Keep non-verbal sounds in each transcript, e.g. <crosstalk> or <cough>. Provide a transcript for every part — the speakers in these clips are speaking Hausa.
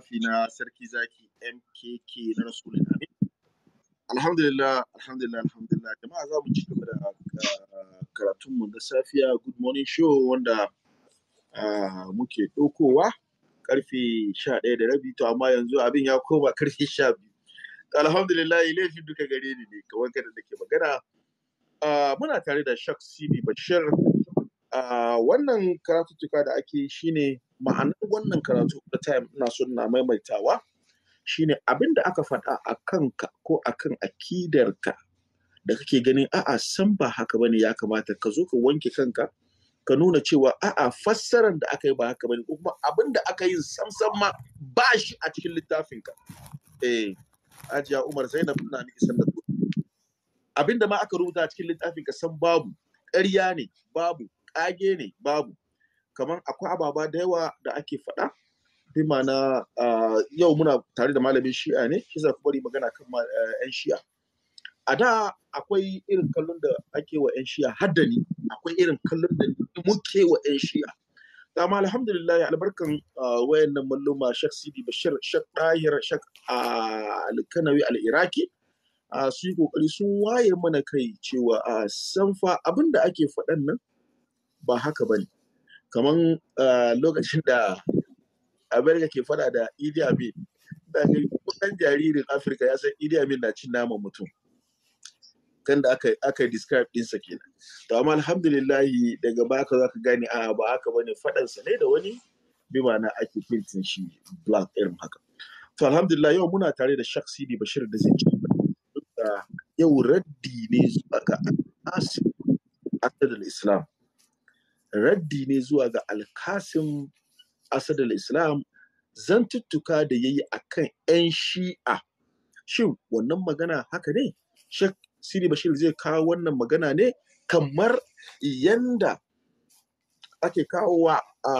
shafi na sarki zaki mkk na rasul amin alhamdulillah alhamdulillah alhamdulillah jama'a za mu ci gaba da ah, karatunmu na safiya good morning show wanda ah, muke ɗaukowa karfe sha ɗaya da rabi to amma yanzu abin ya koma karfe <laughs> sha biyu alhamdulillah laifin duka gare ni ne ka wanka da ke magana ah, muna tare da shak sidi bashir wannan karatuttuka da ake yi shine ma'anar wannan karatu da time ina so na maimaitawa shine abin da aka faɗa a kanka ko a kan akidarka da kake ganin a'a san ba haka bane ya kamata ka zo ka wanke kanka ka nuna cewa a'a fassarar da aka yi ba haka bane kuma abin da aka yi samsam ma ba shi a cikin littafinka eh ajiya umar zainab ina miki sallar abin da ma aka rubuta a cikin littafinka san babu ƙarya ne babu ƙage ne babu kamar akwai ababa da yawa da ake faɗa bi ma'ana yau muna tare da malamin shi'a ne shi ku bari magana kan yan shi'a a da akwai irin kallon da ake wa yan shi'a haddani akwai irin kallon da muke wa yan shi'a dama alhamdulillah albarkan wayannan malluma shek sidi bashir shek dahir shek alkanawi al-iraki su yi kokari sun waye mana kai cewa a fa abin da ake faɗan nan ba haka ba ne kamar ah, lokacin da america ke fada da idi amin da kudan jaririn afirka ya san idi amin na cin naman mutum kan da aka aka describe ke kenan to amma alhamdulillahi daga baka zaka gane a ba haka bane faɗansa ne da wani bi na ake pintin shi black irin haka to alhamdulillah yau muna tare da shak sidi bashir da zai yau raddi ne zuwa ga asir asir islam raddi ne zuwa ga alkasin asad al-islam zantuttuka da ya yi a kan 'yan shi'a shin wannan magana haka ne shek siri bashir zai kawo wannan magana ne kamar yanda ake kawowa a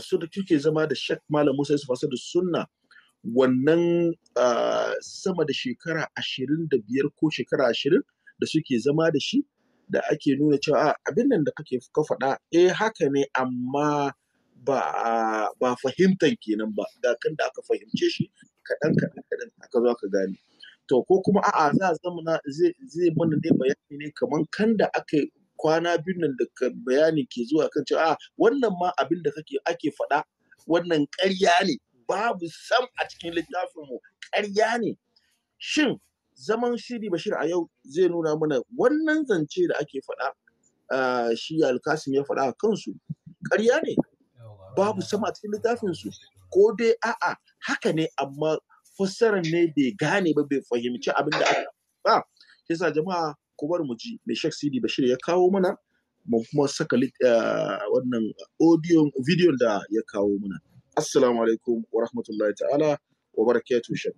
su da kuke zama da shek malam musa yusuf asad sunna wannan sama da shekara ashirin da biyar ko shekara ashirin da suke zama da shi da ake nuna cewa a, ah, abin nan da kake ka faɗa eh haka ne amma ba ba fahimtan kenan ba ga kan da aka fahimce shi kaɗan kaɗan kaɗan aka zo aka gane to ko kuma a'a za a zamana zai zai mana ne bayani ne kaman kan da aka kwana biyun nan da bayani ke zuwa kan cewa a ah, wannan ma abin da kake ake faɗa wannan ƙarya ne babu sam a cikin littafin mu ƙarya ne shin zaman shiri bashir a yau zai nuna mana wannan zance da ake faɗa ah, shi alkasim ya faɗa a kansu karya ne babu sama a littafin su <laughs> ko dai a'a haka ne amma fassarar ne bai gane ba bai fahimci abin da aka ba yasa jama'a ku bar mu ji me shek Sidi Bashir ya kawo mana mu kuma saka ah, wannan audio video da ya kawo mana assalamu alaikum wa rahmatullahi ta'ala wa barakatuh shek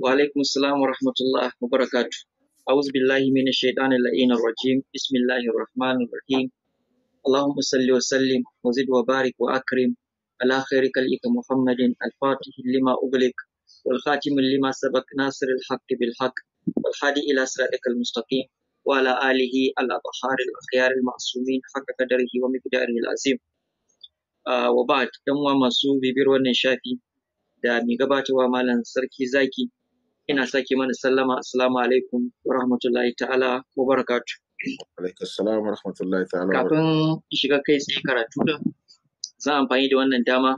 Waalaikumsalam warahmatullahi wabarakatuh. Auzubillahi minasyaitanir la'in rajim. Bismillahirrahmanirrahim. Allahumma salli wa sallim wa zid wa barik wa akrim ala khairi kalika Muhammadin al-Fatih lima ughliq wal khatim sabak nasir al-haq bil haq wal hadi ila siratik al-mustaqim wa ala alihi al-abahari al-akhyari al-ma'asumin haqqa qadarihi wa mikdari al-azim. Ah, wa ba'd, dan wa masu bibir wa nishafi da mi gabatarwa malam sarki zaki ina sake mana sallama assalamu alaikum wa rahmatullahi ta'ala wa barakatu. Alaikum assalamu wa rahmatullahi ta'ala. Kafin shiga kai sai karatu da zan amfani da wannan dama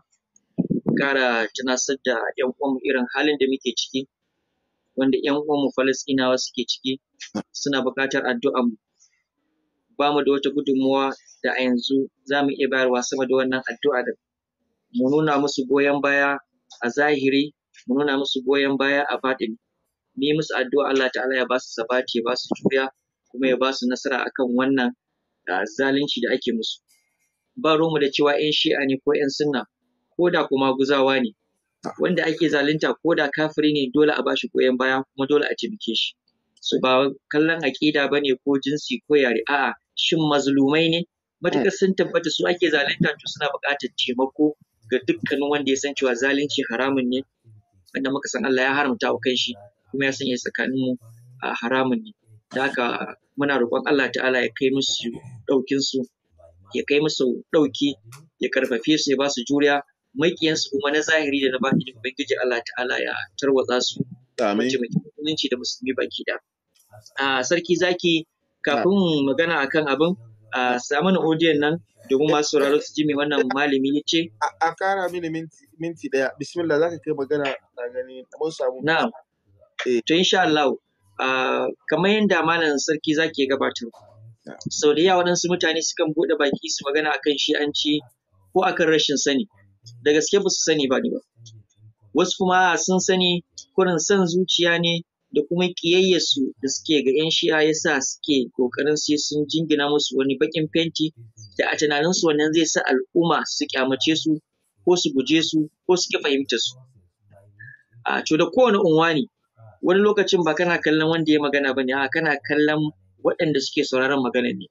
kara tunasar da ƴan uwanmu irin halin da muke ciki wanda ƴan uwanmu falastinawa suke ciki suna buƙatar addu'ar mu. Ba mu da wata gudunmawa da a yanzu za mu iya bayarwa sama da wannan addu'a da mu nuna musu goyon baya a zahiri mu nuna musu goyon baya a faɗin mu yi musu addu'a Allah ta'ala ya ba su sabati ya ba su juriya kuma ya ba su nasara akan wannan ah, zalunci da ake musu ba mu da cewa 'yan shi'a ne ko 'yan sunna ko da kuma guzawa ne wanda ake zalunta ko da kafiri ne dole a bashi goyon baya kuma dole a taimake shi su ba kallon aƙida ba ne ko jinsi ko yare a'a shin mazlumai ne matuƙar sun tabbata su ake zalunta to suna buƙatar taimako ga dukkanin wanda ya san cewa zalunci haramun ne wanda muka san Allah ya haramta wa shi. kuma ya sanya tsakaninmu a haramun ne da haka muna roƙon Allah ta'ala ya kai musu ɗaukin su ya kai musu ɗauki ya karfafe su ya ba su juriya su kuma na zahiri da na baki da ubangiji Allah ta'ala ya tarwatsa su amin da musulmi baki da sarki zaki kafin magana akan abin a samun odiyon nan domin masu sauraro su ji me wannan malami ya ce a kara mini minti daya bismillah zaka kai magana na gani mun samu na'am Eh, to insha Allah kamar yadda malam sarki zaki ya gabatar. Sau da yawa waɗansu mutane sukan buɗe baki su magana akan shi an ci ko akan rashin sani. Da gaske ba su sani ba ni ba. Wasu kuma sun sani kurin son zuciya ne da kuma ƙiyayyarsu da suke ga 'yan shi'a ya sa suke ƙoƙarin sai sun jingina musu wani bakin fenti da a tunaninsu wannan zai sa al'umma su kyamace su ko su guje su ko su ƙi fahimta su. to da kowane unwani wani lokacin ba kana kallon wanda ya magana ba ne kana kallon waɗanda suke sauraron magana ne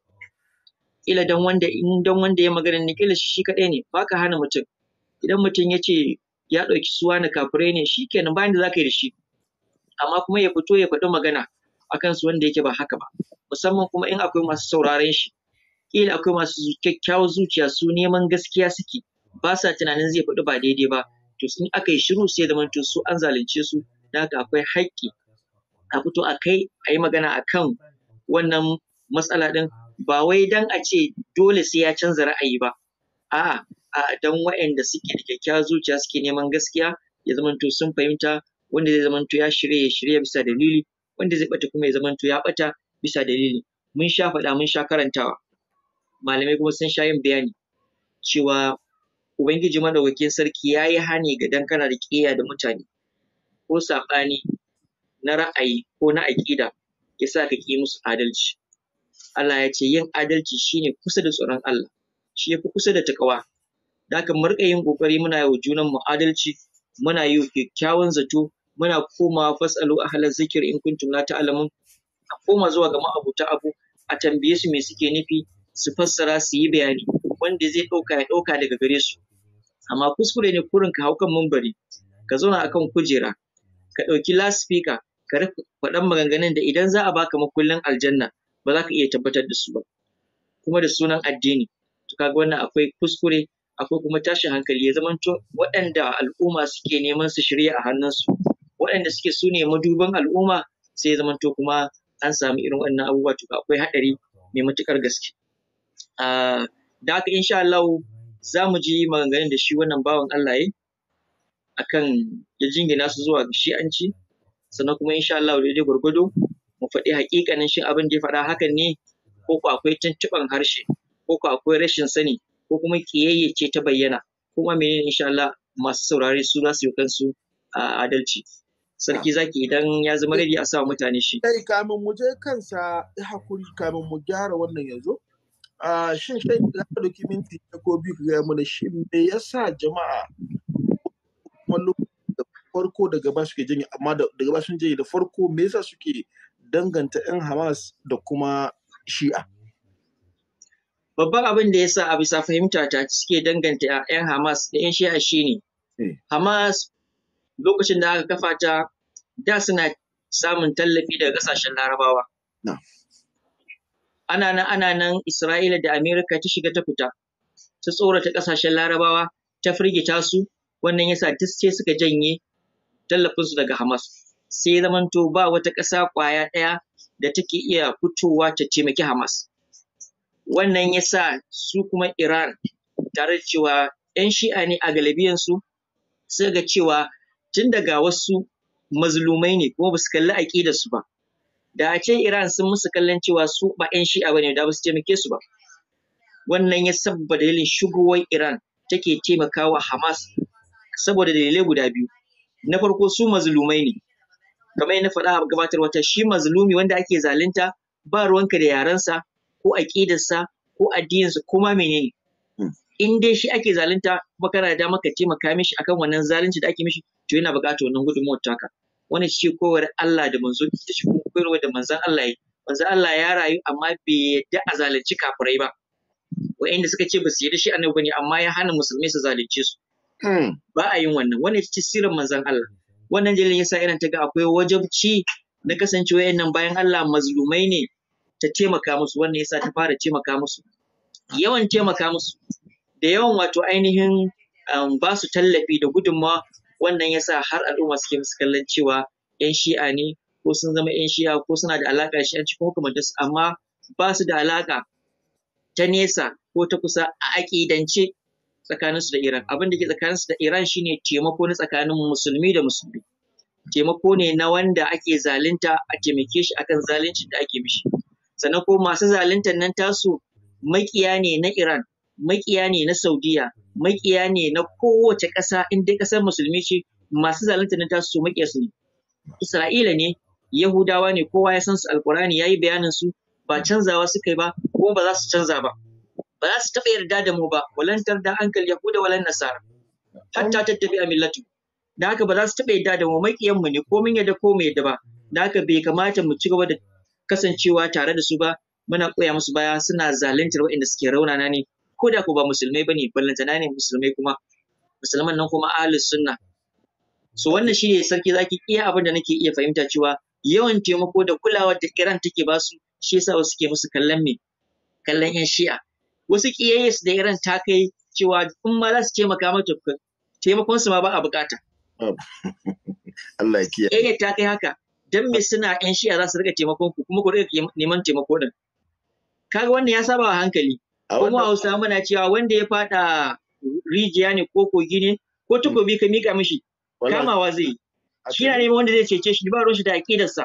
Ila don wanda in don wanda ya magana ne kila shi kaɗai ne ka hana mutum idan mutum ya ce ya ɗauki suwa na kafirai ne shi kenan bayan da za ka yi da shi amma kuma ya fito ya faɗi magana a kansu wanda yake ba haka ba musamman kuma in akwai masu sauraren shi kila akwai masu kyakkyawar zuciya su neman gaskiya suke ba sa tunanin zai faɗi ba daidai ba to in aka yi shiru sai zamanto su an zalunce su daga akwai haƙƙi a fito a kai a yi magana a kan wannan matsala ɗin ba wai don a ce dole sai ya canza ra'ayi ba a'a a don waɗanda suke da kyakkyawar zuciya suke neman gaskiya ya zamanto sun fahimta wanda zai zamanto ya shirya ya shirya bisa dalili wanda zai ɓata kuma ya zamanto ya ɓata bisa dalili mun sha faɗa mun sha karantawa malamai kuma sun sha yin bayani cewa ubangiji madaukakin sarki ya yi hani ga dankana da ƙiyya da mutane ko saɓani na ra'ayi ko na aƙida ya sa ka ƙi musu adalci. Allah ya ce yin adalci shine kusa da tsoron Allah, shi ya fi kusa da takawa. Da haka mu yin ƙoƙari muna yi wa junanmu adalci, muna yi kyakkyawan zato, muna komawa fasalu halar zikir in kuntum la ta'alamun, A koma zuwa ga ma'abuta abu, a tambaye su me suke nufi, su fassara su yi bayani, wanda zai ɗauka ya ɗauka daga gare su. Amma kuskure ne kurin ka hau kan mambari, ka zauna a kan kujera, ka ɗauki laspika ka rufe faɗan maganganun da idan za a baka makullin aljanna ba za ka iya tabbatar da su ba kuma da sunan addini to kaga wannan akwai kuskure akwai kuma tashin hankali ya zamanto waɗanda al'umma suke neman su shirya a hannunsu waɗanda suke su ne maduban al'umma sai ya zamanto kuma an samu irin wannan abubuwa to akwai haɗari mai matuƙar gaske ah, da haka insha Allah za mu ji maganganun da shi wannan bawan Allah ya akan ya jingina su zuwa ga shi'anci sannan kuma insha Allah dai gwargwado mu faɗi haƙiƙanin shin abin da ya faɗa hakan ne ko ko akwai tuntuɓan harshe ko ko akwai rashin sani ko kuma ƙiyayye ce ta bayyana kuma menene insha Allah masu saurare su za su yi kansu a adalci sarki zaki idan ya zama radi a sa mutane shi kai eh, kamin mu je kansa ya hakuri kamin mu gyara wannan yanzu shin shin za ka doki minti ko biyu ka gaya mana shi me yasa jama'a kumallo da farko daga ba suke janye amma daga ba sun janye da farko me yasa suke danganta 'yan Hamas da kuma Shi'a. Babban abin da ya sa a bisa fahimta ta suke danganta 'yan Hamas da 'yan Shi'a shine eh. Hamas lokacin da aka kafa ta da suna samun tallafi daga kasashen larabawa. Ana nan ana nan Isra'ila da Amerika ta shiga ta fita, ta tsorata kasashen larabawa, ta firgita su, wannan yasa duk sai suka janye tallafinsu daga Hamas sai zamanto ba wata ƙasa ƙwaya ɗaya da take iya fitowa ta taimaki Hamas wannan yasa su kuma Iran tare da cewa 'yan shi'a ne a galibiyansu sai ga cewa tun daga wasu mazlumai ne kuma ba su kalli su ba da a ce Iran sun musu kallon cewa su ba 'yan shi'a bane da ba su taimake su ba wannan ya sabba dalilin shigowar Iran take taimakawa Hamas saboda dalilai guda biyu na farko su mazlumai ne kamar yadda faɗa a gabatar wata shi mazlumi wanda ake zalunta ba ruwanka da yarensa ko aƙidarsa ko addininsa ko ma menene in dai shi ake zalunta kuma kana da damar ka taimaka mishi akan wannan zalunci da ake mishi to yana buƙatar wannan gudunmuwar taka wannan shi koyar Allah da manzo da shi koyarwa da manzon Allah yi manzon Allah ya rayu amma bai yadda a zalunci kafirai ba wa'inda suka ce ba su yarda shi annabi ne, amma ya hana musulmai su zalunce su Hmm. ba a yin wannan wannan ita ce sirrin manzon Allah wannan dalilin yasa irin ta ga akwai wajabci na kasance wayannan bayan Allah mazlumai ne ta taimaka musu wannan yasa ta fara taimaka musu yawan taimaka musu da yawan wato ainihin um, ba su tallafi da gudunmawa wannan yasa har al'umma suke musu kallon cewa 'yan shi'a ne ko sun zama 'yan shi'a ko suna da alaƙa da shi'anci ko dasu amma ba su da alaƙa ta nesa ko ta kusa a aƙidance tsakaninsu da Iran abin da ke tsakaninsu da Iran shine taimako na tsakanin musulmi da musulmi taimako ne na wanda ake zalunta a taimake shi akan zaluncin da ake mishi sannan ko masu zaluntar nan tasu makiya ne na Iran makiya ne na Saudiya makiya ne na kowace ƙasa in dai ƙasar musulmi ce masu zaluntar nan tasu makiya su ne Isra'ila ne Yahudawa ne kowa ya san su Alƙur'ani yayi bayanin su ba canzawa suka yi ba ko ba za su canza ba ba za su taɓa yarda da mu ba walan tarda ankal yahuda walan nasara hatta tafi a millatu da haka ba za su taɓa yarda da mu maƙiyan mu ne ko mun yarda ko mu yarda ba da haka bai kamata mu ci gaba da kasancewa tare da su ba muna koya musu baya suna zaluntar waɗanda suke raunana ne ko da ko ba musulmai ba bane ballantana ne musulmai kuma musulman nan kuma ahlus sunna so wannan shine sarki zaki iya abin da nake iya fahimta cewa yawan taimako da kulawa da Iran take basu shi yasa wasu suke musu kallon me kallon yan shi'a wasu su da irin ta kai cewa in ma za su taimaka mata taimakon su ma ba a bukata. Allah ya kiyaye. ta kai haka dan me suna yan shiya za su riga taimakon ku kuma ku riga neman taimako din. Kaga wannan ya saba wa hankali. Kuma Hausa muna cewa wanda ya fada rijiya ne ko kogi ne ko takobi ka mika mishi kamawa zai yi. Shi na neman wanda zai cece shi ba ruwan shi da aƙidarsa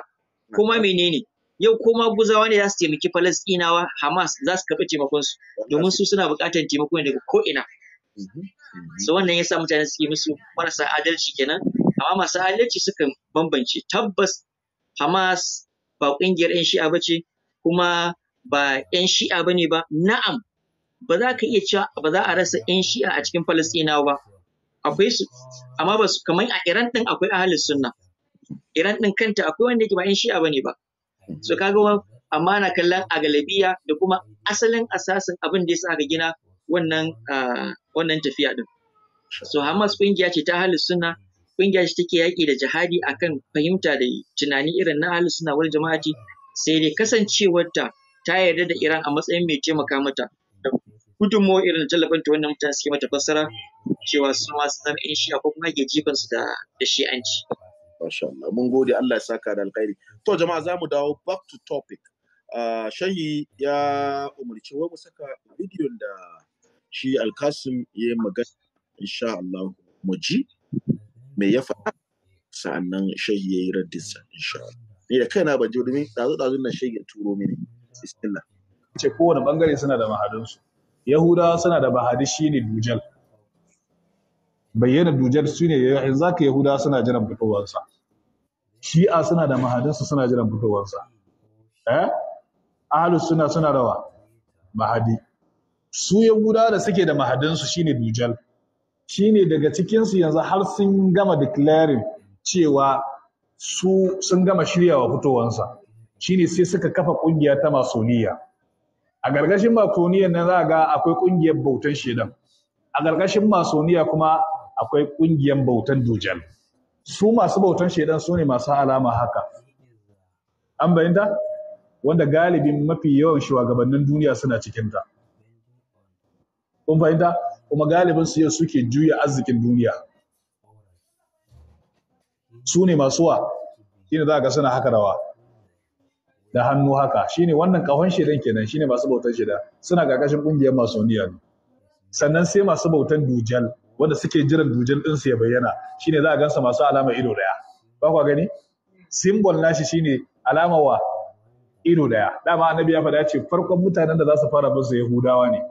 kuma menene. yau ko ma guzawa ne za su taimaki falastinawa hamas za su karɓi taimakon su domin su suna buƙatar taimako ne daga ko ina so wannan yasa mutane suke musu marasa adalci kenan amma masu adalci sukan bambance tabbas hamas ba ƙungiyar 'yan shi'a ba ce kuma ba 'yan shi'a ba ne ba na'am ba za ka iya cewa ba za a rasa 'yan shi'a a cikin Falasɗinawa ba. Akwai su, amma ba su kamar a Iran ɗin akwai ahalin sunna. Iran ɗin kanta akwai wanda yake ba 'yan shi'a bane ba. so kaga wani amma na kallon a galabiya da kuma asalin asasin abin da ya sa gina wannan ah, wannan tafiya din so Hamas kungiya ce ta halin suna kungiya ce take yaki da jihadi akan fahimta da tunani irin na halin suna wal jama'ati sai dai kasancewarta ta yarda da Iran a matsayin mai taimaka mata da gudunmawa irin tallafin ta wannan mutane suke mata fassara cewa su ma sun zama in shi'a ko kuma ke jifansu da shi'anci. Masha Allah. Mun gode Allah ya saka da alkhairi. To jama'a za mu dawo back to topic. Uh, shahi ya umarci wai mu saka bidiyon da shi Alkasim ya yi magana insha Allah mu ji me ya faɗa sa'annan shahi ya yi raddinsa insha Allah. Ni da kaina ban ji domin ɗazu-ɗazun nan shahi ya turo mini. Bismillah. Ce kowane ɓangare suna da mahadinsu. Yahudawa suna da mahadi shi ne, Dujal. bayyana dujar su ne yayin zaka yahuda suna jiran sa shi'a suna da mahadansu suna jiran sa eh ahlus suna suna rawa mahadi su yahuda da suke da mahadansu shine dujal shine daga cikin su yanzu har sun gama declaring cewa su sun gama shiryawa sa shine sai suka kafa kungiya ta masoniya a gargashin masoniyan nan za ga akwai kungiyar bautan shedan a gargashin masoniya kuma akwai ƙungiyar bautan dujal su masu bautan shaidan su ne masu alama haka an bayyanta wanda galibin mafi yawan shugabannin duniya suna cikinta kun fahimta kuma galibin su yau suke juya arzikin duniya su ne masu wa shine za ga suna haka rawa da hannu haka shine wannan kahon shedan kenan shine masu bautan shida suna ƙarƙashin ƙungiyar masoniya ne sannan sai masu bautan dujal wanda suke jiran dujin su ya bayyana shine za a gansa masu alama ido daya ba kwa gani symbol nashi shine alama wa ido daya dama annabi ya faɗa ce farkon mutanen da za su fara musu yahudawa ne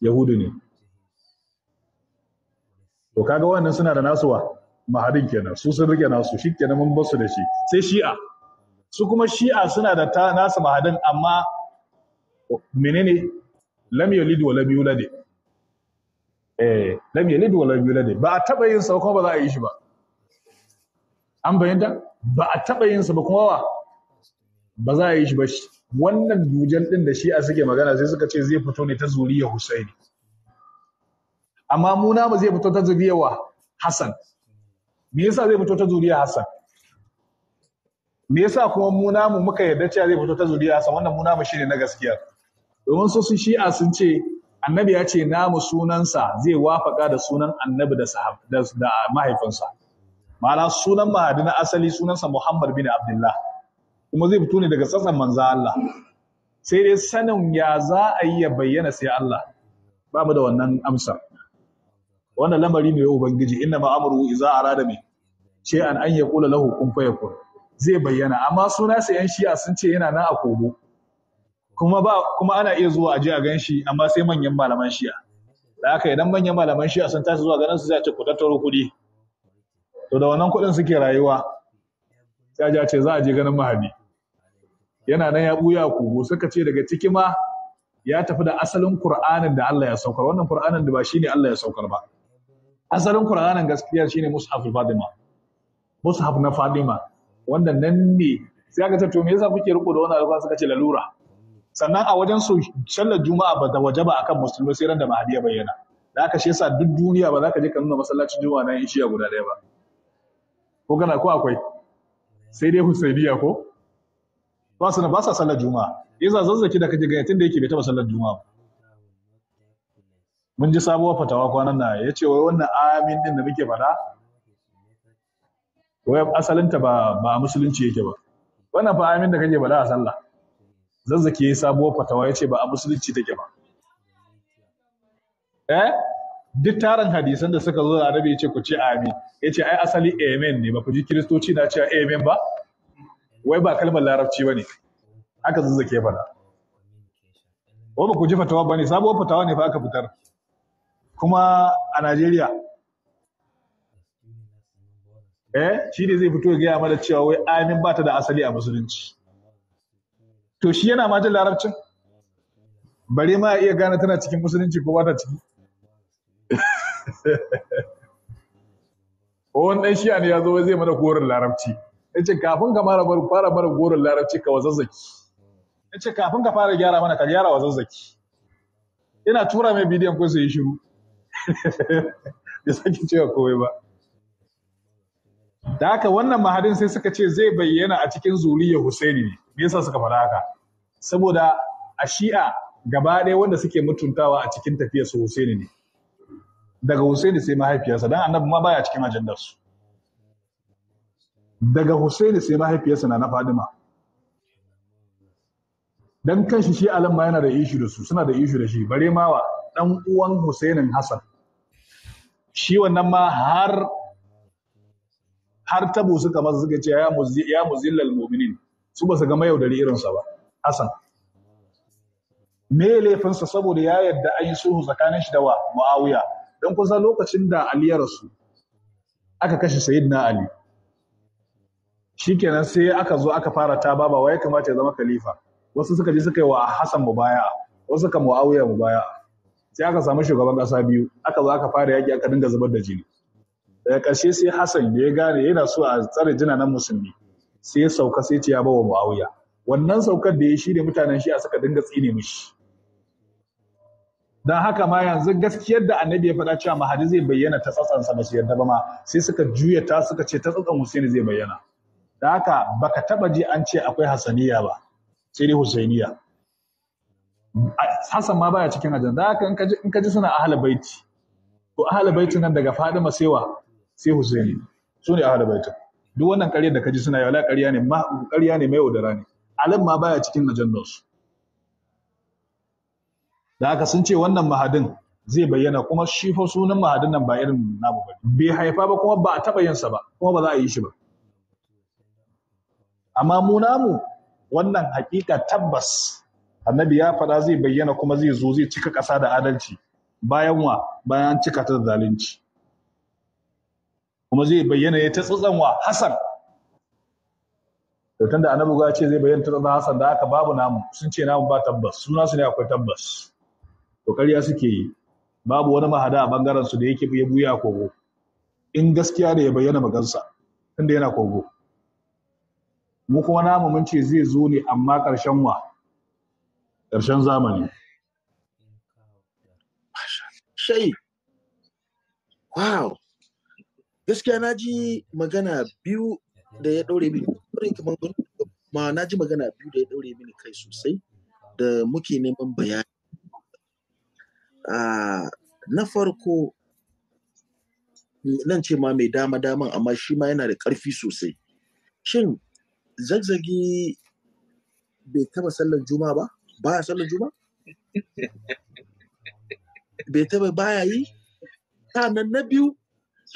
yahudu ne to kaga wannan suna da nasuwa mahadin kenan su sun rike nasu shi kenan mun basu da shi sai shi'a su kuma shi'a suna da nasu mahadin amma menene lam yalid wa lam yulad eh ne yalid wa lam yulad ba a taba yin sa kuma ba za a yi shi ba an bayyana ba a taba yin sa ba kuma ba za a yi shi ba wannan dujan din da shi a suke magana sai suka ce zai fito ne ta zuriya Husaini amma mu namu zai fito ta zuriya wa Hassan me yasa zai fito ta zuriya Hassan me yasa kuma mu namu muka yarda cewa zai fito ta zuriya Hassan wannan mu namu shine na gaskiya domin su shi'a sun ce annabi ya ce namu sunansa zai wafaka da sunan annabi da mahaifinsa ma'ana sunan mahadi na asali sunansa muhammad bin abdullah kuma zai fito ne daga tsatsan manza Allah sai dai sanin ya za a yi ya bayyana sai Allah ba mu da wannan amsar wannan lamari mai ubangiji inna ma amru iza arada mai ce an an kula lahu kun fayakun zai bayyana amma suna sai yan shi'a sun ce yana nan a kogo kuma ba kuma ana iya zuwa a je a gan shi amma sai manyan malaman shi'a da aka idan manyan malaman shi'a sun tashi zuwa ganin su sai a ce ku tattaro kuɗi to da wannan kuɗin suke rayuwa sai ja ce za a je ganin mahabi yana nan ya buya kugu suka ce daga ciki ma ya tafi da asalin Qur'anin da Allah ya saukar wannan Qur'anin da ba shine Allah ya saukar ba asalin Qur'anin gaskiya shine Mushaf fadima Mushaf na Fadima wanda nan ne sai aka ce to me yasa kuke riko da wannan alƙur'ani suka ce lalura sannan a wajen su sallar juma'a ba da waje ba akan musulmi sai ran da mahadi ya bayyana da aka shi yasa duk duniya ba za ka je ka nuna masallacin juma'a na ishiya guda ɗaya ba ko kana ko akwai sai dai husainiya ko ba su na ba sa sallar juma'a za zazzaki da kaje gayatin da yake bai taba sallar juma'a mun ji sabuwar fatawa kwanan na ya ce wai wannan amin din da muke faɗa wai asalinta ba ba musulunci yake ba wannan fa amin da kake faɗa a sallah zazzaki ya sabuwar fatawa ya ce ba a musulunci take ba eh duk tarin hadisan da suka zo da annabi ya ce ku ce amin ya ce ai asali amen ne ba ku ji kiristoci na cewa amen ba wai ba kalmar larabci ba ne haka zazzake fada ko ba ku ji fatawa ba ne sabuwar fatawa ne fa aka fitar kuma a Najeriya eh shi ne zai fito ya gaya mana cewa wai amin ba ta da asali a musulunci to shi yana ma jin larabcin bare ma iya gane tana cikin musulunci ko ba ta ciki <laughs> wani ɗan shi'a ne ya zo zai mana gorin larabci ya ce kafin ka fara mana gorin larabci ka wazazzaki ya ce kafin ka fara gyara mana ka gyara wazazzaki ina tura mai bidiyon ko su yi shiru <laughs> ya sake cewa kowai ba da haka wannan mahadin sai suka ce zai bayyana a cikin zuriyar husaini ne me yasa suka faɗa haka saboda a shi'a gaba ɗaya wanda suke mutuntawa a cikin tafiyar su Husaini ne daga Husaini sai mahaifiyarsa dan annabi ma baya cikin ajandar su daga Husaini sai mahaifiyarsa na na Fadima dan kanshi shi alamma yana da ishu da su suna da ishu da shi bare mawa dan uwan Husainin Hassan shi wannan ma har har tabo suka masa suka ce ya muzillal mu'minin su ba su ga mayaudari irinsa ba Hassan me laifinsa saboda ya yadda an yi sulhu tsakanin shi da wa Muawiya don kusa lokacin da Ali ya rasu aka kashe Sayyidina Ali shikenan sai aka zo aka fara ta baba ya kamata ya zama khalifa wasu suka je suka yi wa Hassan baya, wasu suka Muawiya baya. sai aka samu shugaban kasa biyu aka zo aka fara yaki aka dinga zubar da jini daga ƙarshe sai Hassan ya gane yana so a tsare jinanan musulmi sai ya sauka sai ce ya bawa Muawiya wannan saukar da ya shi mutanen shi a suka dinga tsine mishi don haka ma yanzu gaskiyar da annabi ya faɗa cewa mahadi zai bayyana ta tsatsansa ba shi yadda ba ma sai suka juya ta suka ce ta tsatsan Husaini zai bayyana da haka baka taba ji an ce akwai hasaniya ba sai dai husainiya Hassan ma baya cikin ajin, da haka in ka ji suna ahla baiti to ahla baiti nan daga Fadima sewa sai Husaini su ne ahla baitin duk wannan ƙarya da kaji suna yi wala ƙarya ne ma ƙarya ne mai yaudara ne alim ma baya cikin ajandar su da haka sun ce wannan mahadin zai bayyana kuma shi fa sunan mahadin nan ba irin namu ba bai haifa ba kuma ba a taɓa yin sa ba kuma ba za a yi shi ba amma mu namu wannan hakika tabbas annabi ya faɗa zai bayyana kuma zai zo zai cika ƙasa da adalci bayan wa bayan cika ta da zalunci kuma zai bayyana ya ta tsatsanwa Hassan to tunda annabi ga ce zai bayyana ta tsatsan Hassan da aka babu namu sun ce namu ba tabbas suna su ne akwai tabbas to ƙarya suke yi babu wani mahada a bangaren su da yake ya buya kogo in gaskiya da ya bayyana magansa tunda yana kogo mu kuma namu mun ce zai zo ne amma ƙarshen wa ƙarshen zamani shai wow gaskiya na ji magana biyu da ya ɗaure mini ma na ji magana biyu da ya ɗaure mini kai sosai da muke neman bayani na farko nan ce ma mai dama daman amma shi ma yana da ƙarfi sosai shin zagzagi bai taɓa sallar juma ba baya sallar juma bai taɓa baya yi nan na biyu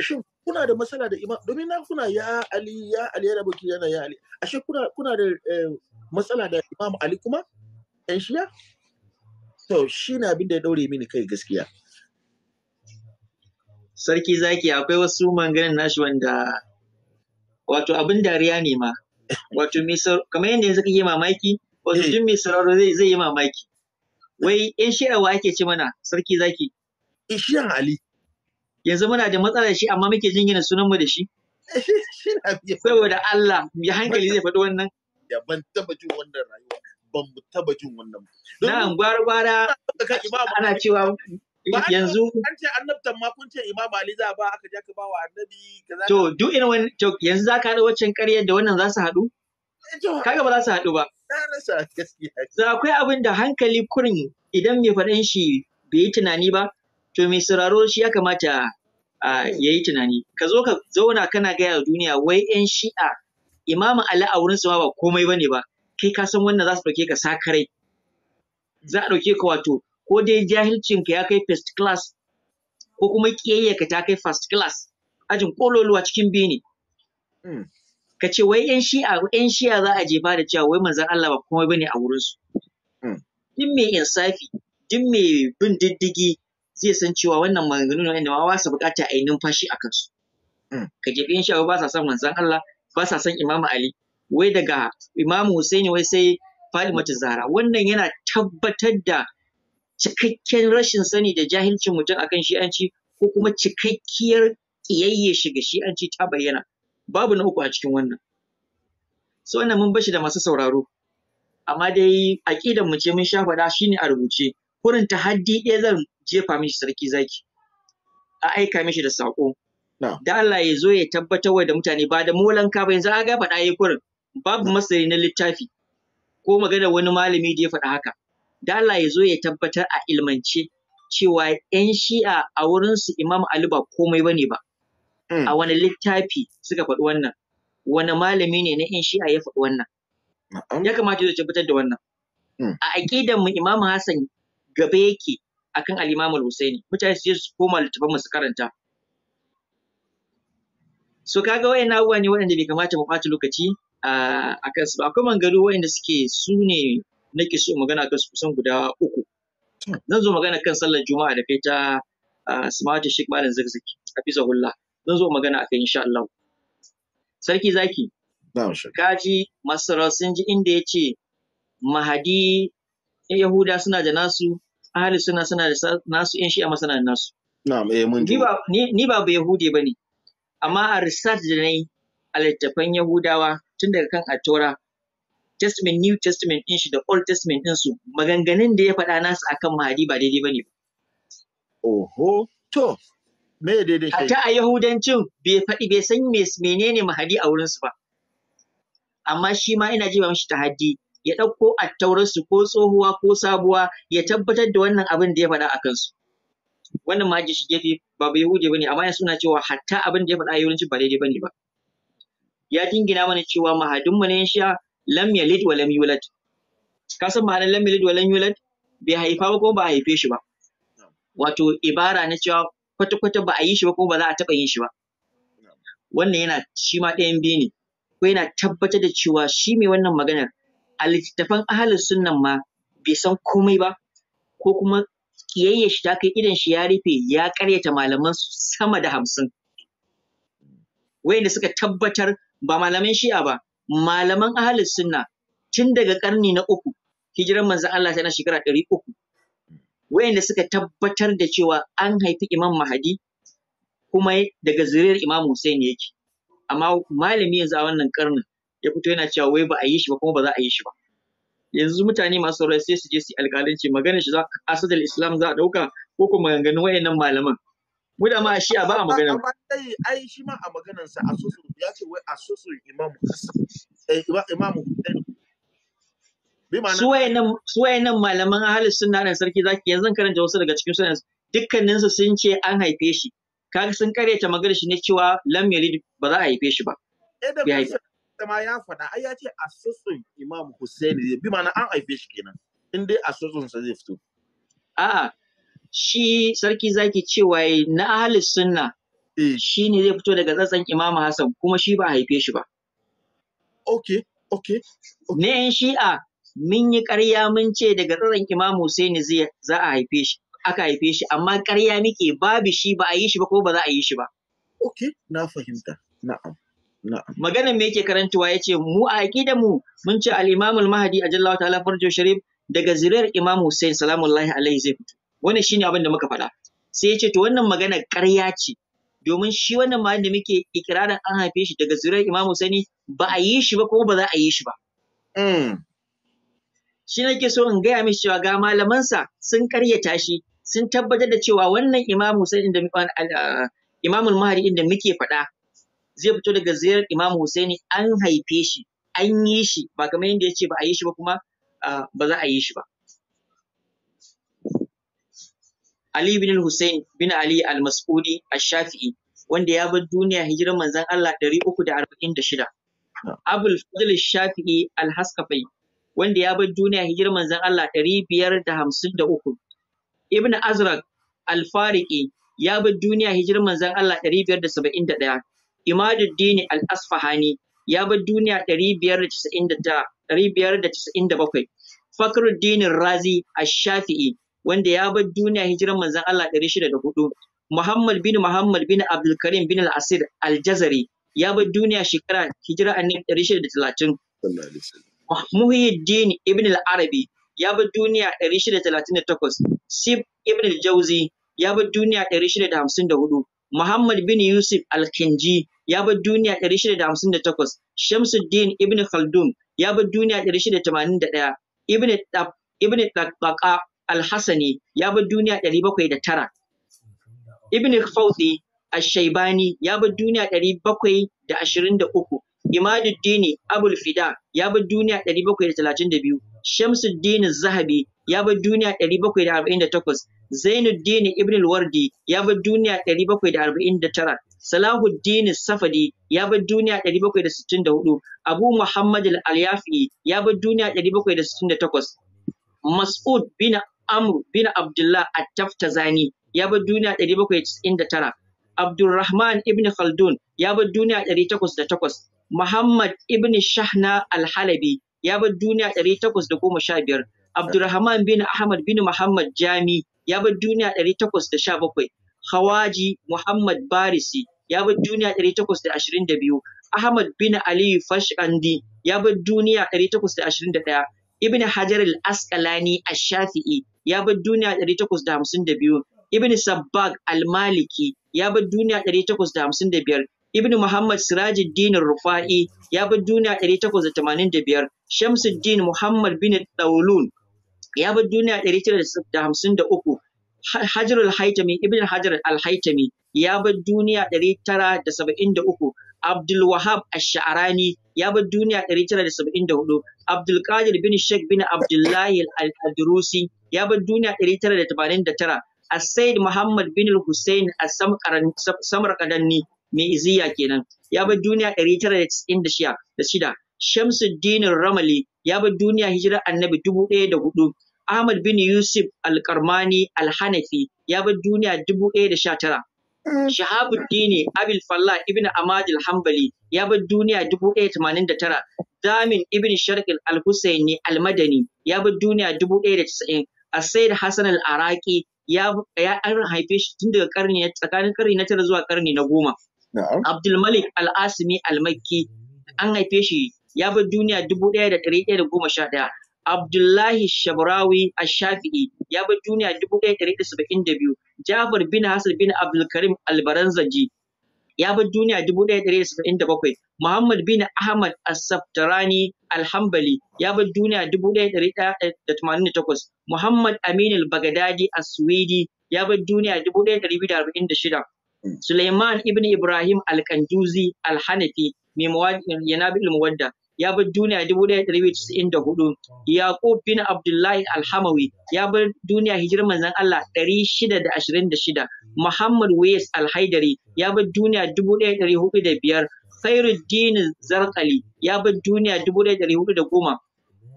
shin kuna da matsala da imam domin na kuna ya ali ya ali yana rabu yana ya ali ashe kuna kuna da eh, matsala da imam ali kuma ɗan shiya to shi na abin da ya daure mini kai gaskiya sarki zaki akwai wasu manganin nashi wanda wato abin dariya ne ma wato kamar yadda yanzu kake mamaki wato tun eh. mai sauraro zai yi mamaki wai yan shi'a wa ake ce mana sarki zaki ishiyan eh, ali yanzu muna da matsala shi amma muke jingina sunanmu da shi saboda Allah ya hankali zai faɗi wannan ya ban taba jin wannan rayuwa ban mu taba jin wannan na'am gwara ana cewa yanzu an ce annabtan ma kun ce imam ali za ba aka je ka ba wa annabi kaza to duk ina wani to yanzu za ka hada waccan ƙaryar da wannan za su haɗu eh, kaga ba za su haɗu ba za akwai abin da hankali kurin idan mai faɗin shi bai yi tunani ba To mai sauraro shi ya kamata ya yi tunani. Ka zo ka zauna kana gaya wa duniya wai 'yan shi'a imamu Ali a wurin ma ba komai ba ne ba. Kai ka san wannan za su ɗauke ka sa sakarai. Za a ɗauke ka wato ko dai jahilcin ka ya kai first class ko kuma ka ta kai first class. Ajin ƙololuwa cikin bene. Hmm. Ka ce wai 'yan shi'a 'yan shi'a za a jefa da cewa wai manzon Allah ba komai bane a a wurinsu. Hmm. din mai insafi, din mai bin diddigi, zai san cewa wannan maganganu ne wanda ma ba sa bukata a yi numfashi a kansu hmm. ka jefe shi ba sa son manzon Allah ba sa son Imam Ali wai daga Imam Hussein wai sai Fatimatu Zahra wannan yana tabbatar da cikakken rashin sani da jahilcin mutum a kan shi'anci ko kuma cikakkiyar ƙiyayye shiga shi'anci ta bayyana babu na uku a cikin wannan so wannan mun bashi da masu sauraro amma dai aƙidan mu ce mun sha faɗa shine a rubuce kurin tahaddi ɗaya zan jefa mishi sarki zaki a aika mishi da saƙo da Allah ya zo ya tabbatar wa da mutane ba da molanka ba yanzu aga faɗa yi kurin babu masari na littafi ko magana wani malami da ya faɗa haka da Allah ya zo ya tabbatar a ilmance cewa ‘yan shi'a a wurin su Imam Ali ba komai bane ba. Mm. A wani littafi suka faɗi wannan, wani malami ne na ‘yan shi'a ya faɗi wannan. Ya kamata ya tabbatar da wannan. Mm. A aƙidan mu Imam Hassan gaba yake akan al-Imam al-Husaini mutane su je su koma littafan mu su karanta so kaga wayannan abubuwa ne waɗanda bai kamata mu ɓata lokaci a kansu ba akwai mangaru waɗanda suke su ne nake so magana kan su kusan guda uku zan zo magana kan sallar juma'a da kai ta smarti shik malam zakzaki hafizahullah zan zo magana akan insha Allah sarki zaki kaji masarar sun ji inda ya ce mahadi yahuda suna da nasu ahli sunna suna da nasu yan shi'a masana da nasu na'am eh mun ji ni ba ba yahudi bane amma a research da nayi a littattafan yahudawa tun daga kan atora testament new testament din shi da old testament din su maganganun da ya faɗa nasu akan mahadi ba daidai bane ba oho to me daidai kai ta a yahudancin bai faɗi bai san menene mahadi a wurin su ba amma shi ma ina ji ba mishi tahaddi ya ɗauko attaurarsu ko tsohuwa ko sabuwa ya tabbatar da wannan abin da ya faɗa a kansu. Wannan ma shi gefe ba bai huje ne, amma suna cewa hatta abin da ya faɗa a yawanci ba daidai ne ba. Ya dingina mana cewa mahadin mu ne sha lam yalid wa lam yulad. Ka san mahadin lam yalid wa lam yulad bai haifa ba ko ba a haife shi ba. Wato ibara na cewa kwata-kwata ba a yi shi ba ko ba za a taɓa yin shi ba. Wannan yana shi ma ɗayan biyu ne. ko yana tabbatar da cewa shi mai wannan maganar a littattafan ahalin sunnan ma bai san komai ba ko kuma kiyayya shi ta kai idan shi ya rufe ya karyata malaman su sama da hamsin wayanda suka tabbatar ba malaman shi'a ba malaman ahalin sunna tun daga karni na uku hijiran manzon Allah tana shekara ɗari uku wayanda suka tabbatar da cewa an haifi imam mahadi kuma daga zuriyar imam Hussein yake amma malami yanzu a wannan karnin ya fito yana cewa wai ba a yi shi ba kuma ba za a yi shi ba yanzu mutane masu rai sai su je su alƙalanci maganar shi za da islam za a ɗauka ko kuma maganganun wayannan malaman mu da ma shi a ba a magana ba dai ai shi ma a maganar sa asusu ya ce wai asusu imam eh imam su wayannan su wayannan malaman ahlus sunna nan sarki zaki yanzu karanta wasu daga cikin sunan dukkanin su sun ce an haife shi kaga sun kareta maganar shi ne cewa lam yalid ba za a haife shi ba eh, ma ya faɗa ai ya ce asusun Imam Hussein zai bi mana an haife shi kenan in dai asusun sa zai fito a'a shi sarki zaki cewa na ahli sunna eh. shi ne zai fito daga tsatsan Imam Hassan kuma shi ba haife shi ba okay okay ne yan shi'a mun yi ƙarya mun ce daga tsatsan Imam Hussein zai za a haife shi aka haife shi amma ƙarya muke babu shi ba a yi shi ba ko ba za a yi shi ba okay na fahimta na'am maganar me yake karantawa yace mu a aqidan mu mun ce al-Imam al-Mahdi ajallahu ta'ala farjo sharif daga zuriyar Imam Hussein salamullahi alaihi zai fito wannan shine abin da muka faɗa sai yace to wannan magana ƙarya ce domin shi wannan ma da muke ikirarin an haife shi daga zuriyar Imam Hussein ba a yi shi ba kuma ba za a yi shi ba mm. shi nake so in gaya mishi cewa ga malamansa sun karyata shi sun tabbatar da cewa wannan Imam Hussein da ah, Imamul Mahdi da muke faɗa zai fito daga ziyarar Imam Husaini an haife shi an yi shi ba kamar yadda ya ce ba a yi shi ba kuma ba za a yi shi ba. Ali bin Hussein bin Ali al-Mas'udi al-Shafi'i wanda ya bar duniya hijirar manzon Allah 346. Abul Fadl al-Shafi'i al-Haskafai wanda ya bar duniya hijirar manzon Allah 553. Ibn Azraq al-Fariqi ya bar duniya hijirar manzon Allah 571. Imaduddin Al-Asfahani ya bar duniya 597. Fakhruddin Razi Ash-Shafi'i wanda ya bar duniya hijiran manzon Allah 604. Muhammad bin Muhammad bin Abdul Karim bin Al-Asir Al-Jazari ya bar duniya shekara hijira annabi 630. Muhyiddin Ibn Al-Arabi ya bar duniya 638. Sib Ibn Al-Jauzi ya bar duniya 654. Muhammad bin Yusuf Al-Kinji ya bar duniya 658, Shamsuddin Ibn Khaldun ya bar duniya 681, Ibn Ibn Tabaqa Al-Hasani ya bar duniya 709. Ibn Fawdi Al-Shaibani ya bar duniya 723, Imaduddini Abul Fida ya bar duniya 732, Shamsuddin Zahabi ya bar duniya 748, Zainuddin Ibn Wardi ya bar duniya 749, Salahuddin Safadi ya bar duniya 764, Abu Muhammad Al-Yafi ya bar duniya 768, Mas'ud bin Amr bin Abdullah At-Taftazani ya bar duniya 799, Abdulrahman Ibn Khaldun ya bar duniya 808, Muhammad ibn Shahna al-Halabi ya bar duniya biyar. Abdulrahman bin Ahmad bin Muhammad Jami ya bar duniya bakwai. Khawaji Muhammad Barisi ya bar duniya biyu. Ahmad bin Ali Fashandi ya bar duniya 821. Ibn Hajar al-Asqalani ash-Shafi'i ya bar duniya biyu. Ibn Sabbag al-Maliki ya bar duniya biyar. Ibn Muhammad Sirajuddin Rufa'i ya bar duniya 885, Shamsuddin Muhammad bin Daulun ya bar duniya 953, Hajar al-Haitami Ibn Hajar al-Haitami ya bar duniya 973, Abdul Wahab Ash-Sha'rani ya bar duniya 974, Abdul Qadir bin Sheikh bin Abdullahi al-Adrusi ya bar duniya 989, As-Said Muhammad bin Hussein As-Samarqadanni mai iziya kenan ya bar duniya ɗari tara da shida Shamsuddin Ramali ya bar duniya hijirar annabi dubu ɗaya da hudu Ahmad bin Yusuf al qarmani Al-Hanafi ya bar duniya dubu ɗaya da sha tara Shahabuddin Abil Falla ibn Ahmad Al-Hanbali ya bar duniya dubu ɗaya tamanin da tara Damin ibn Sharqil al husayni Al-Madani ya bar duniya dubu ɗaya da casa'in Asaid Hassan Al-Araki ya an haife shi tun daga karni tsakanin karni na tara zuwa karni na goma Abdulmalik Al-Asimi Al-Makki an haife shi ya bar duniya dubu ɗaya da ɗari ɗaya da goma sha ɗaya. Abdullahi Shabrawi Ash-Shafi'i ya bar duniya dubu ɗaya da ɗari da saba'in da biyu. Jafar bin Hassan bin Abdulkarim Al-Baranzaji, ya bar duniya dubu ɗaya da ɗari da saba'in da bakwai. Muhammad bin Ahmad As-Saftarani Al-Hambali ya bar duniya dubu ɗaya da ɗari ɗaya da tamanin da takwas. Muhammad Amin Al-Baghdadi As-Suwidi ya bar duniya dubu ɗaya da ɗari biyu da arba'in da shida. Suleiman ibn Ibrahim al-Kanjuzi al-Hanafi mai yanabil muwadda ya bar duniya 1994 Yaqub bin Abdullahi Al-Hamawi ya bar duniya hijirar manzon Allah 626 Muhammad Wais Al-Haidari ya bar duniya 1405 Khairuddin Zarqali ya bar duniya 1410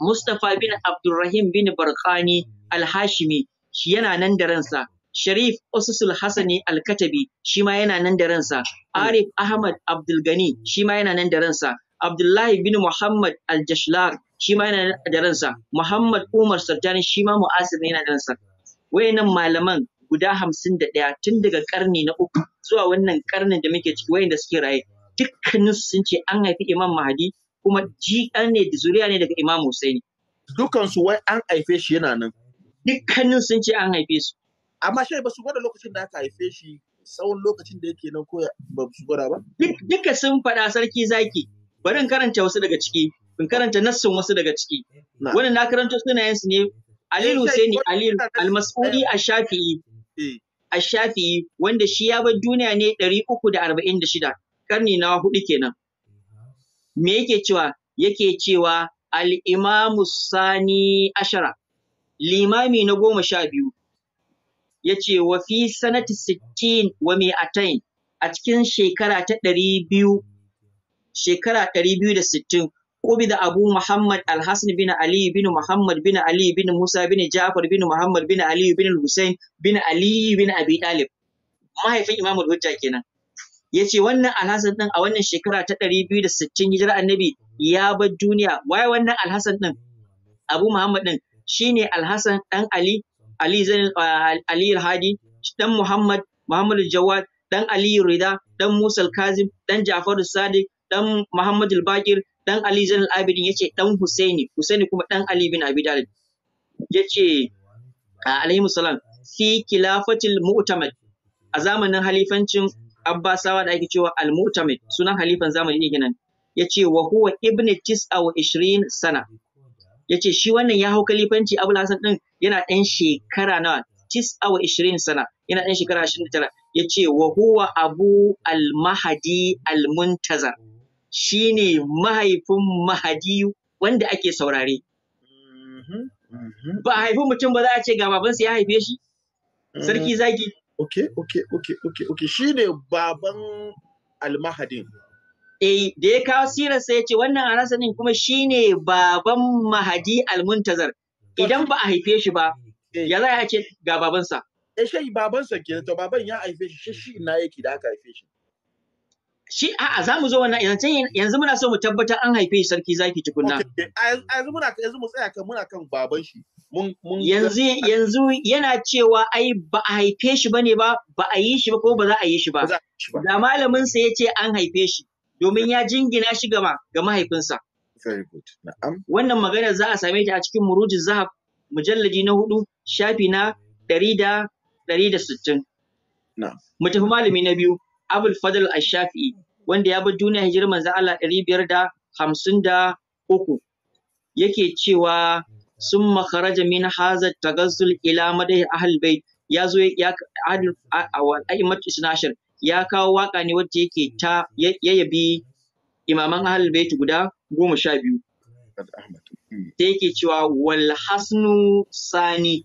Mustafa bin Abdurrahim bin Barkani Al-Hashimi shi yana nan da ransa Sharif Osusul Hassani Alkatabi shi ma yana nan da ransa. Arif Ahmad Abdulgani shi ma yana nan da ransa. Abdullahi bin Muhammad Aljashlar shi ma yana da ransa. Muhammad Umar Sartani shi ma mu'asir yana da ransa. Wayannan malaman guda hamsin da ɗaya tun daga ƙarni na uku zuwa wannan ƙarnin da muke ciki wayanda suke raye dukkaninsu sun ce an haifi Imam Mahdi kuma jiƙa ne da zuriya ne daga Imam Hussein. su wai an haife shi yana nan. Dukkanin sun ce an haife su. amma shi ba su gwada lokacin da aka haife shi tsawon lokacin da yake nan ko ba su gwada ba duka sun faɗa sarki zaki bari in karanta wasu daga ciki in karanta nassin wasu daga ciki Wani na karanta sunayen su ne Alil Husaini Alil Almasudi masudi Ash-Shafi'i eh. Ash-Shafi'i wanda shi ya bar duniya ne da da uku arba'in shida, karni na hudu kenan me yake cewa yake cewa al-Imamu Sani Ashara limami na goma sha biyu ya ce wa fi sanati sittin wa mi'atain a cikin shekara ta ɗari biyu shekara ɗari biyu da sittin da Abu Muhammad Alhassan bin Ali bin Muhammad bin Ali bin Musa bin Ja'far bin Muhammad bin Ali bin Hussein bin Ali bin Abi Talib mahaifin Imam Hujja kenan ce wannan Alhassan hassan din a wannan shekara ta sittin, hijirar Annabi ya bar duniya waye wannan Alhassan hassan din Abu Muhammad din shine Al-Hassan dan Ali Ali Zain ah, Ali Hadi dan Muhammad Muhammad Jawad dan Ali Rida dan Musa Kazim dan Ja'far Sadiq dan Muhammad Bakir dan Ali Zain Abidin yace dan Husaini Husaini kuma dan Ali bin Abi Talib yace ah, alaihi salam fi kilafatil mu'tamad a zamanin halifancin Abbasawa da ake cewa al-mu'tamid sunan halifan zamani ne kenan yace wa huwa ibn tis'a wa 20 sana yace shi wannan ya hau kalifanci Abul Hasan din yana ɗan shekara nawa tis awa ishirin sana yana ɗan shekara ashirin da tara ya ce wa huwa abu al almuntazar shi ne shine mahaifin mahadi wanda ake saurare ba a haifi mutum ba za a ce ga babansa ya haife shi sarki zaki Ok, ok, ok, ok. Shi ne baban al eh da ya kawo sirarsa ya ce wannan arasanin kuma shi ne baban mahadi almuntazar. idan ba a haife shi ba eh. ya za a ce ga babansa eh shi babansa ke to baban ya haife shi shi ina yake da aka haife shi shi a'a za mu zo wannan yanzu yanzu muna so mu tabbatar an haife shi sarki zaki tukunna yanzu muna yanzu mu tsaya kan muna kan baban shi yanzu yanzu yana cewa ai ba a haife shi bane ba ba a yi shi ba kuma ba za a yi shi ba da malamin sa yace an haife shi domin ya jingina shi gama ga mahaifinsa Very good. Na'am. Wannan magana za a same ta a cikin Murujin Zahab Mujallaji na hudu shafi na ɗari da sittin. Na'am. Mu tafi malami na biyu Abul Fadl Ash-Shafi'i wanda ya bar duniya hijirar manzon Allah ɗari biyar da hamsin da uku. Yake cewa sun makaraja min haza tagazzul ila madai ahal bai ya zo ya ahal isnashir ya kawo waka ne wacce yake ta ya yabi imaman ahal baiti guda goma sha biyu. Hmm. Sai yake cewa wal hasnu sani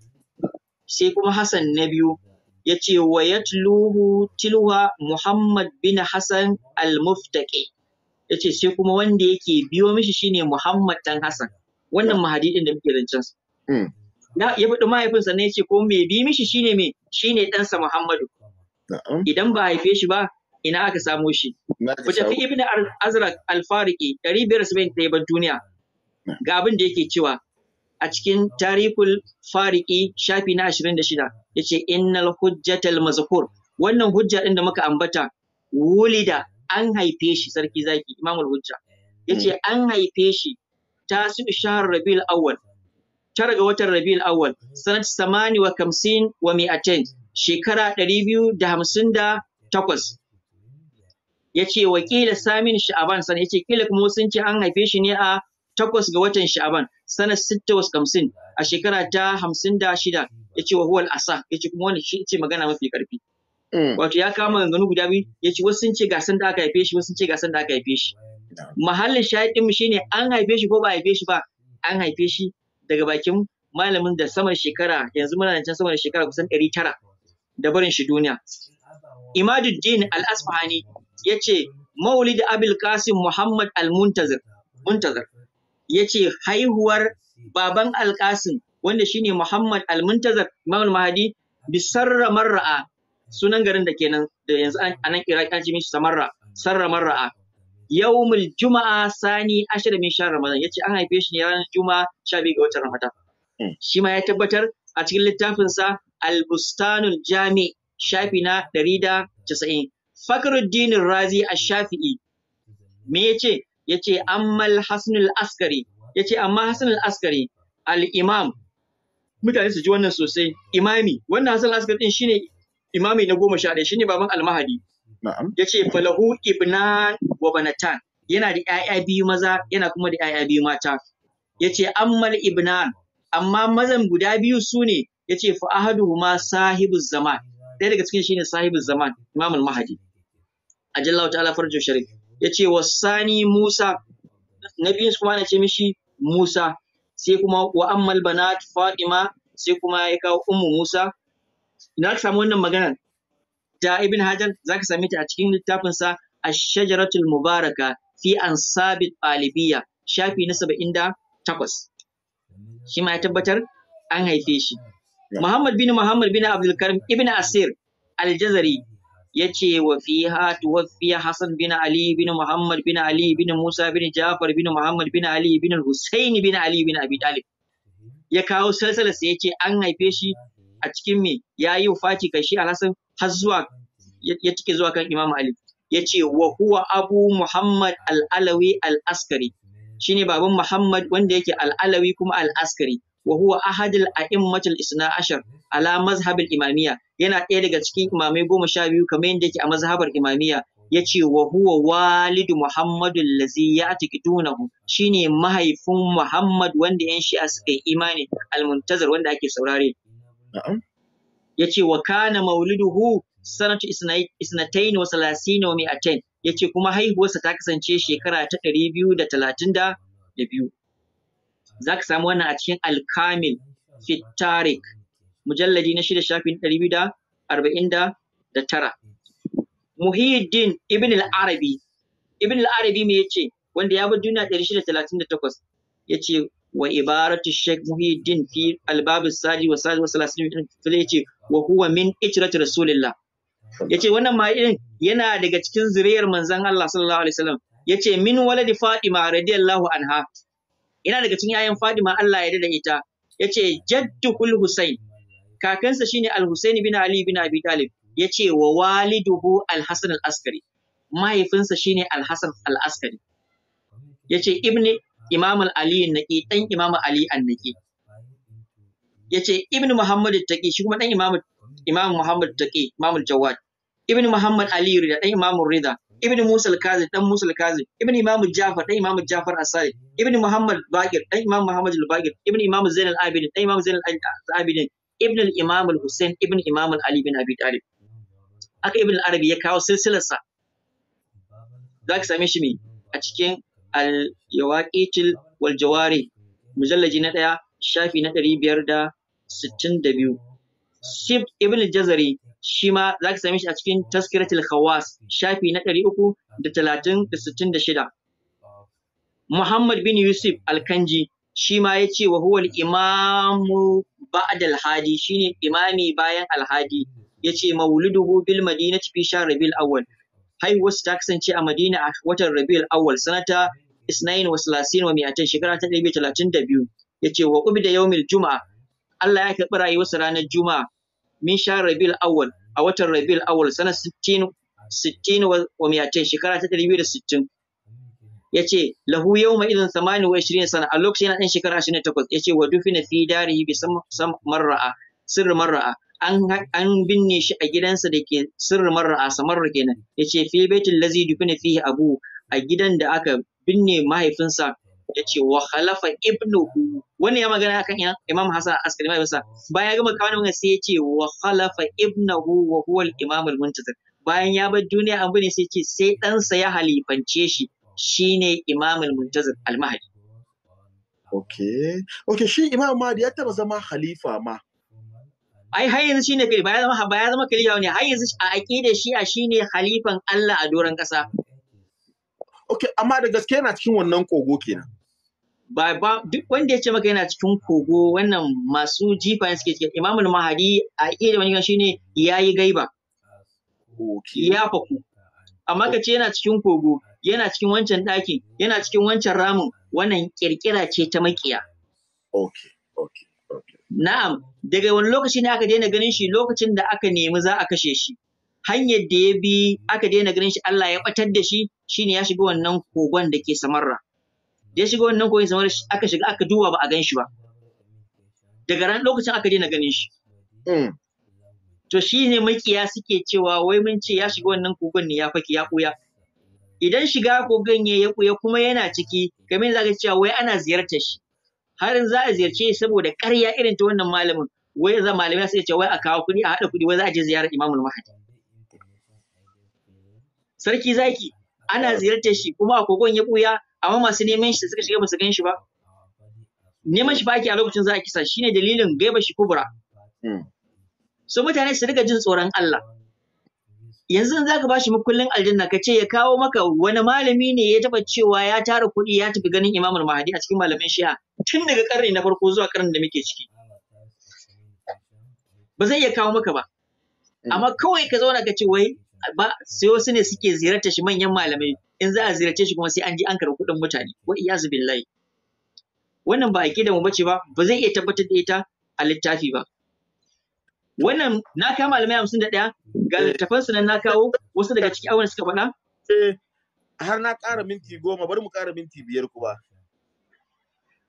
sai kuma Hassan na biyu ya ce wa yatluhu tilwa Muhammad bin Hassan al-Muftaqi ya ce sai kuma wanda yake biyo mishi shine Muhammad dan Hassan wannan mahadidin da muke rancen sa. Hmm. Ya faɗi mahaifinsa ne ya ce ko mai bi mishi shine me shine ɗansa Muhammadu. Idan ba haife shi ba ina aka samo shi ku tafi ibn Azraq al-fariki 571 ban duniya ga abin da yake cewa a cikin tarikul fariki shafi na 26 yace innal hujjatal mazkur wannan hujja din da muka ambata wulida an haife shi sarki zaki imamul hujja yace hmm. an haife shi ta su shahar rabiul awwal ta ga watan rabiul awwal sanat samani wa kamsin wa mi'atain shekara ɗari biyu da hamsin da takwas Ya wa kila samin sha'aban sana ce kila kuma sun ce an haife shi ne a takwas ga watan sha'aban sana sitta wasu kamsin a shekara ta hamsin da shida ya ce wa huwal asa ce kuma wani shi ce magana mafi karfi eh. wato ya kama ganganu guda biyu Ya ce wasu sun ce ga da aka haife shi wasu sun ce ga da aka haife shi mahallin shahidin mu shine an haife shi ko ba haife shi ba an haife shi daga bakin malamin da saman shekara yanzu muna can saman shekara kusan ɗari tara da barin shi duniya Imaduddin Al-Asfahani ya ce maulid abil kasim muhammad al-muntazir ya ce haihuwar baban al-kasim wanda shine muhammad al-muntazir maul mahadi bi sarra marra'a sunan garin da kenan da yanzu a nan iraki an ce mishi samarra sarra marra'a yawmul juma'a sani ashirin min shahr ramadan yace an haife shi ne ranar juma'a 12 ga watan ramadan hmm. shi ma ya tabbatar a cikin littafinsa al-bustanul jami shafi na 190 Fakhruddin Razi Ash-Shafi'i me yace yace ammal Hasan al-Askari yace amma Hasan al-Askari al-Imam mutane su ji wannan sosai imami wannan Hasan al-Askari din shine imami na goma sha ɗaya shine baban al-Mahdi na'am yace falahu ibnan wa banatan yana da ‘ya'ya biyu maza yana kuma da ‘ya'ya biyu mata. Ya Ammal Ibnan, amma mazan guda biyu su ne, ya ce, ahaduhuma sahibuz zaman, ɗaya daga cikin shi ne sahibu zaman, Imamul Mahadi. ajallahu ta'ala Ya ce wa Sani Musa Na nabiyin kuma ana ce mishi Musa sai kuma wa ammal banat Fatima sai kuma ya kawo ummu Musa ina ka samu wannan maganar ta Ibn Hajar zaka same ta a cikin littafin sa Ash-Shajaratul Mubaraka fi Ansabit Alibiyya shafi na 78 shi ma ya tabbatar an haife shi Muhammad bin Muhammad bin Abdulkarim Karim Ibn Asir Aljazari. yace wa fiha tuwaffiya Hassan bin Ali bin Muhammad bin Ali bin Musa bin Ja'far bin Muhammad bin Ali bin Hussein bin Ali bin Abi Talib ya kawo salsalarsa ya yace an haife shi a cikin me yayi wafati kai shi hassan har zuwa ya cike zuwa kan Imam Ali ce wa huwa Abu Muhammad al'alawi al'askari shi ne shine baban Muhammad wanda yake al'alawi kuma Al-Askari wa huwa ahadul a'immatul isna ashar ala mazhabil imamiyya yana ɗaya daga cikin imamai goma sha biyu kamar yadda yake a mazhabar imamiyya ya ce wa huwa walidu muhammadu lazi ya shi shine mahaifin muhammad wanda yan shi'a suka yi imani almuntazar wanda ake saurare ya ce wa kana mauliduhu sanatu isnatain wa salasina wa mi'atain ya ce kuma haihuwarsa ta kasance shekara ta ɗari biyu da talatin da biyu za ka samu wannan a cikin alkamil fitarik Mujallaji na shida shafin ɗari biyu da arba'in da tara. Muhyiddin Ibn al-Arabi Ibn al-Arabi me yace wanda ya bar duniya ɗari shida talatin da takwas Ya ce wa ibaratu Sheikh Muhyiddin fi al-babu sadi wa sadi wa salasin ce wa huwa min ijrati rasulillah ce wannan ma irin yana daga cikin zuriyar manzon Allah sallallahu alaihi wasallam ce min waladi Fatima radiyallahu anha yana daga cikin yayan Fatima Allah ya da ita Ya ce jaddu Hussein kakansa shine al-Husaini bin Ali bin Abi Talib yace wa waliduhu al-Hasan al-Askari mahaifinsa shine al-Hasan al-Askari yace ibni Imam al-Ali an-Naqi dan Imam Ali an-Naqi yace ibnu Muhammad al-Taqi shi kuma dan Imam Imam Muhammad al-Taqi Imam al-Jawad ibnu Muhammad Ali Rida dan Imam Rida ibn Musa al-Kazim dan Musa al-Kazim ibn Imam Jafar dan Imam Jafar as-Sadiq ibn Muhammad Baqir dan Imam Muhammad al-Baqir ibn Imam Zain al-Abidin dan Imam Zain al-Abidin ibn al-imam al-hussein ibn imam ali bin abi talib haka ibn al-arabi ya kawo silsilarsa za ka same shi mai a cikin al-yawaqitil wal jawari mujallaji na ɗaya shafi na ɗari biyar da sittin da biyu Sib ibn jazari shi ma za ka same shi a cikin taskiratul khawas shafi na ɗari uku da talatin da sittin da shida Muhammad bin Yusuf Alkanji shi ma ya ce wa huwal imamu ba'ad alhadi shine imami bayan alhadi ya ce mauluduhu bil madinati fi shahr rabiul awwal haihuwarsu ta kasance a madina a watan rabiul awwal sanata isnain wa salasin wa mi'atai shekara ta ɗari talatin da biyu ya ce wa ubida yaumil juma'a Allah ya karɓi rayuwarsa ranar juma'a min shahr rabiul awwal a watan rabiul awwal sanata sittin sittin wa mi'atai shekara ta ɗaya biyu da sittin Ya ce, lahu yawma idan samani wa ishirin sana a lokacin yana dan shekara Ya ce, wa dufina fi darihi bi sam marra'a sirr marra'a an an binne shi a gidansa da ke sirr marra'a samarra kenan Ya yace fi baitil ladzi dufina fihi abu a gidan da aka binne mahaifinsa Ya ce, wa khalafa ibnuhu wannan ya magana akan Imam Hassan Askari mai bisa bayan ya gama kawo wannan sai ya ce, wa khalafa ibnuhu wa huwa al-imam al-muntazir bayan ya bar duniya an bane sai ce, sai ɗansa ya halifance shi shine imamul muntazir al-mahdi okay okay shi imam mahdi ya taba zama khalifa ma ai har yanzu shine kai baya zama baya zama khalifa ne har yanzu a aqida shi'a shine khalifan Allah a doron kasa okay amma da gaske yana cikin wannan kogo kenan ba ba duk wanda ya ce maka yana cikin kogo wannan masu jifa suke cikin imamul Mahdi a aqida wani shine yayi gaiba ya faku amma ka ce yana cikin kogo yana cikin wancan ɗakin yana cikin wancan ramin wannan ƙirƙira ce ta maƙiya. Na'am, daga wani lokaci ne aka daina ganin shi lokacin da aka nemi za a kashe shi. Hanyar da ya bi aka daina ganin shi Allah ya ɓatar da shi shine ya shiga wannan kogon da ke samarra. Da ya shiga wannan kogon samarra aka shiga aka duba ba a gan shi ba. Daga ran lokacin aka daina ganin shi. Mm. To shi ne makiya suke cewa wai mun ce ya shiga wannan kogon ne ya faƙi ya ɓuya. idan shiga ganye ya ya kuma yana ciki kamar za ka cewa wai ana ziyartar shi har za a ziyarce shi saboda ƙarya irin ta wannan malamin wai za malamai sai ce wai a kawo kuɗi a haɗa kuɗi wai za a je ziyarar imamul mahadi sarki zaki ana ziyartar shi kuma a kogon ya kuya amma masu neman shi suka shiga ba su gan shi ba neman shi ba ake a lokacin za a kisa shine dalilin gaiba shi kubra. Hmm. so mutane su riga jin tsoron Allah yanzu za ka bashi makullin aljanna ka ce ya kawo maka wani malami ne ya taba cewa ya tara kuɗi ya tafi ganin imamul mahadi a cikin malamin shi'a tun daga karni na farko zuwa karni da muke ciki ba zai iya kawo maka ba mm. amma kawai ka zauna ka ce wai ba sai wasu ne suke ziyartar shi manyan malamai in za a ziyarce shi kuma sai an ji an karɓi kuɗin mutane wa iyazu billahi wannan ba da mu bace ba ba zai iya tabbatar da ita a littafi ba wannan na kama malamai hamsin da ɗaya ga eh. littafansu nan na kawo wasu daga ciki abubuwan suka faɗa? Eh, har na ƙara minti goma bari mu ƙara minti biyar kuma.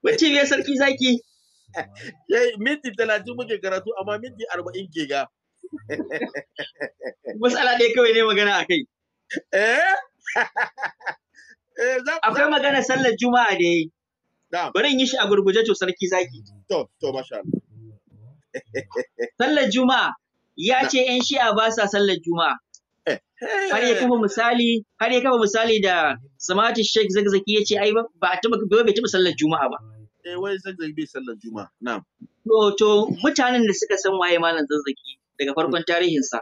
Wace biyar sarki zaki? <laughs> Minti talatin muke karatu amma minti arba'in ke ga. <laughs> Matsala ɗaya kawai ne magana a kai. Eh? <laughs> Akwai magana sallar Juma'a da yi. Bari yi shi a gurguje to sarki zaki. To, to, masha Allah. Sallar Juma'a ya ce ‘yan shi'a ba sa sallar juma'a. Eh, eh. Har ya kafa misali, da Samati Sheikh Zagzaki ya ce ai ba a bai taɓa sallar juma'a ba. Eh wai Zagzaki bai sallar juma'a, na. To to mutanen da suka san waye malam Zagzaki daga farkon hmm. tarihinsa.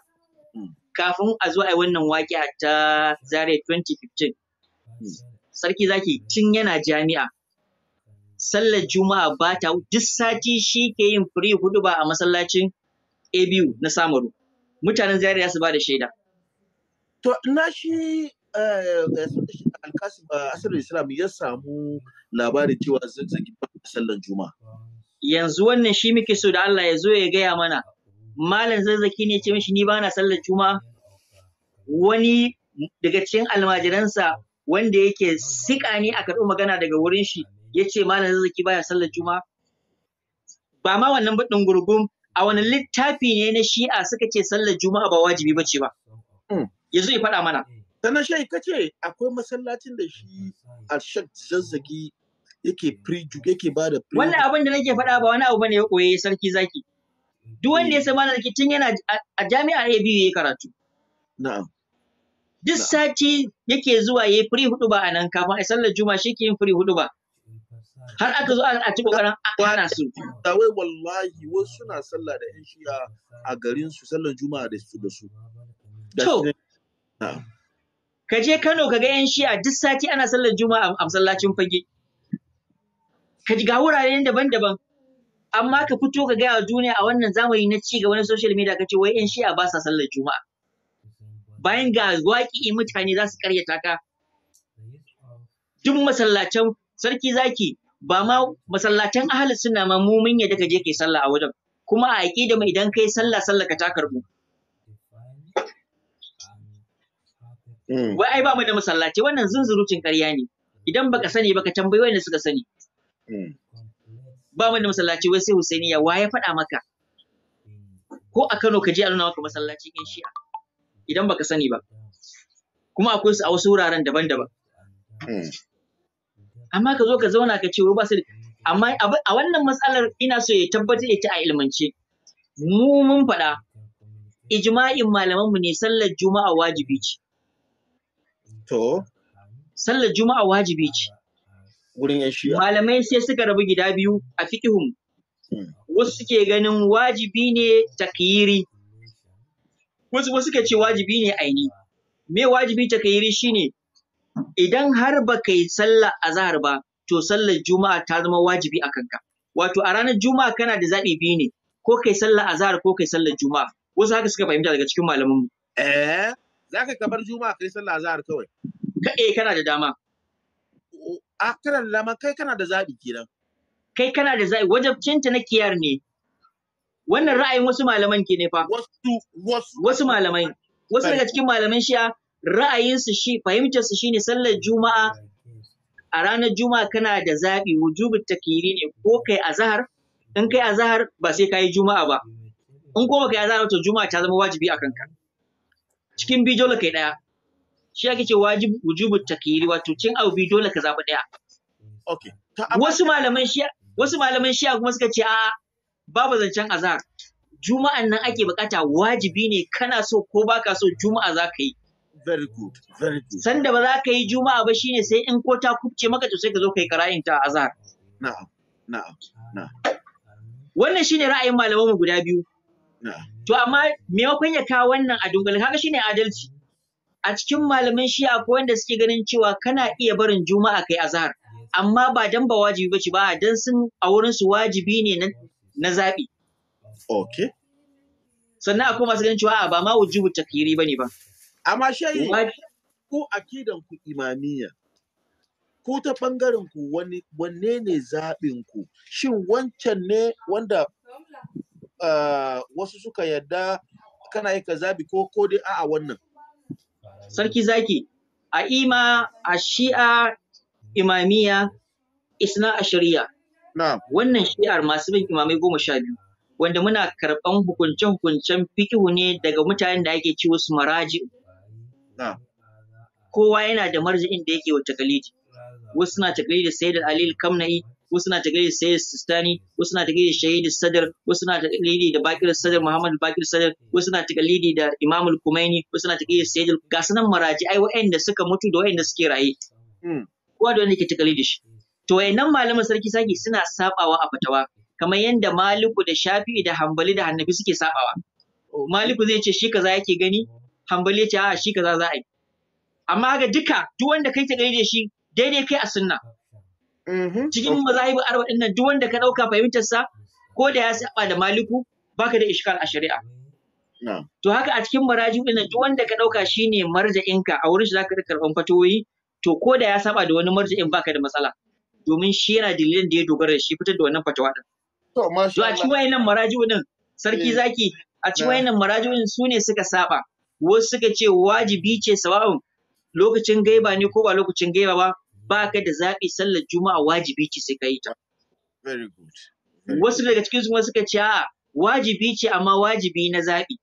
Hmm. Kafin a zo ai wannan waƙi ta Zaria 2015. Hmm. Sarki zaki tun yana jami'a sallar juma'a ba ta duk sati shi ke yin free hudu ba a masallacin ABU na Samaru. Mutanen Zaria su ba da shaida. To na shi eh, eh, Alkasim eh, Asirin Islam ya samu labarin cewa zazzagi ba sallan juma. Yanzu wannan shi muke so da Allah ya zo ya gaya mana. Malam zazzaki ne ce mishi ni ba na sallar juma. Wani daga cikin almajiransa wanda yake siƙa ne a karɓi magana daga wurin shi ya ce malam zazzaki ba baya sallar juma. ba ma wannan baɗin gurgun a wani littafi ne na shi'a suka ce sallar juma'a ba wajibi ba ce ba hmm. yanzu ya faɗa mana sannan shi ka ce akwai masallacin da shi alshak zazzagi yake preju yake ba da preju wannan abin da nake faɗa ba wani abu bane ya koye sarki zaki duk wanda ya san malam zaki tun yana a jami'ar ya biyu ya karatu na'am duk sati yake zuwa ya yi free hudu ba a nan kafin a sallar juma'a shi ke yin free hudu ba har aka zo a ci kokarin hana su da wai wallahi wasu suna sallah da yan shi'a a garin su sallar juma'a da su da su to ka je Kano ka ga yan a duk sati ana sallar juma'a a masallacin fage ka ji ga wurare daban-daban amma ka fito ka gaya wa duniya a wannan zamani na ci gaba na social media ka ce wai yan a ba sa sallar juma'a bayan ga waƙi mutane za su karyata ka duk masallacin sarki zaki ba ma masallacin ahalin suna ma mu mun yadda ka je kai sallah a wajen kuma a da mu idan kai sallah sallah ka ta mu. Hmm. wai ai ba mu da masallaci wannan zunzurucin ƙarya ne idan baka sani baka tambayi wanda suka sani hmm. ba mu da masallaci wai sai Husainiya wa ya faɗa maka ko a Kano ka je a nuna maka masallacin yan shi'a idan baka sani ba kuma akwai su a wasu wuraren daban-daban hmm. amma ka zo ka zauna ka ce wai ba su mm. amma a wannan matsalar ina so ya tabbatar ya ci a ilmance mu mun faɗa ijma'in malaman mu ne sallar juma'a wajibi ce to sallar juma'a wajibi ce gurin yan malamai sai suka rabu gida biyu a fiqhum mm. wasu suke ganin wajibi ne takyiri wasu wasu suka ce wajibi ne aini me wajibi takyiri shine idan har ba yi sallar azahar ba to sallar juma'a ta zama wajibi a kanka wato a ranar juma'a kana da zaɓi biyu ne ko kai sallar azahar ko kai sallar juma'a wasu haka suka fahimta daga cikin malamin mu eh ka kabar juma'a ka kai sallar azahar kawai ka eh kana da dama a kana da dama kai kana da zaɓi kenan kai kana da zaɓi wajabcinta na kiyar ne wannan ra'ayin wasu malaman ke ne fa wasu wasu malamai wasu daga cikin malaman shi'a ra'ayinsu shi fahimtarsu shine sallar juma'a a ranar juma'a kana da zaɓi wujubin takiri ne ko kai azahar in kai azahar ba sai ka yi juma'a ba in ko ba kai azahar to juma'a ta zama wajibi a kanka cikin bi dole kai ɗaya shi ake ce wajibu wujubin takiri wato cin abu bi dole ka zaɓi ɗaya wasu malaman shi wasu malaman shi kuma suka ce a babu zancen azahar juma'an nan ake bukata wajibi ne kana so ko baka so juma'a za ka yi very good very good sanda ba za ka yi juma'a ba shine sai in ko ta kubce maka to sai ka zo kai kara'in ta azhar na'am na'am na'am wannan shine ra'ayin malaman mu guda biyu na'am to amma maimakon ya kawo wannan a dungal kaga shine adalci a cikin malaman shi akwai wanda suke ganin cewa kana iya barin juma'a kai azhar amma ba dan ba wajibi ba ci ba dan sun a wurin su wajibi ne na zabi okay sannan akwai masu ganin cewa ba ma wujubu takfiri bane ba Amma shayi ko akidan ku imamiya, ko ta ɓangaren ku wani wanne ne zaɓin ku shin wancan ne wanda wasu suka yarda kana yi ka zaɓi ko ko dai a'a wannan. Sarki zaki a ima a shi'a Imamiya isna a shari'a. Wannan shi'ar masu bin imamai goma sha biyu. wanda muna karɓan hukunce-hukuncen fikihu ne daga mutanen da ake ci wasu maraji kowa yana da marji'in da yake wa takalidi wasu suna takalidi sayyid al-alil kamna'i wasu na taglidi sayyid sistani wasu na taglidi shahid sadr wasu suna taglidi da bakir sadr muhammad bakir sadr wasu suna taglidi da imam al-kumaini wasu na da sayyid ga sanan maraji ai wa'anda suka mutu da wa'anda suke raye hmm. kowa da wanda ke taglidi shi to wayannan malaman sarki saki suna sabawa a fatawa kamar yadda maliku da shafi'i da hanbali da hannafi suke sabawa maliku zai ce shi kaza yake gani hambali ya ce a shi kaza za a yi amma ga duka duk wanda kai ta da shi daidai kai a sunna mm-hmm. cikin mazahibu arba'in nan duk wanda ka dauka fahimtar sa ko da ya saba da maliku baka da ishkal a shari'a to haka a cikin maraji din nan duk wanda ka dauka shine marja'inka a wurin shi zaka karban fatoyi to ko da ya saba da wani marja'in baka da matsala domin shi yana dalilin da ya dogara da shi fitar da wannan fatawa din to a cikin wayannan maraji din sarki eh. zaki a cikin eh. wayannan maraji din su ne suka saba wasu suka ce wajibi ce sawa'un lokacin gaiba ne ko ba lokacin gaiba ba ba ka da zaɓi sallar juma'a wajibi ce sai ka yi ta. Wasu daga cikin su suka ce a wajibi ce amma wajibi na zaɓi.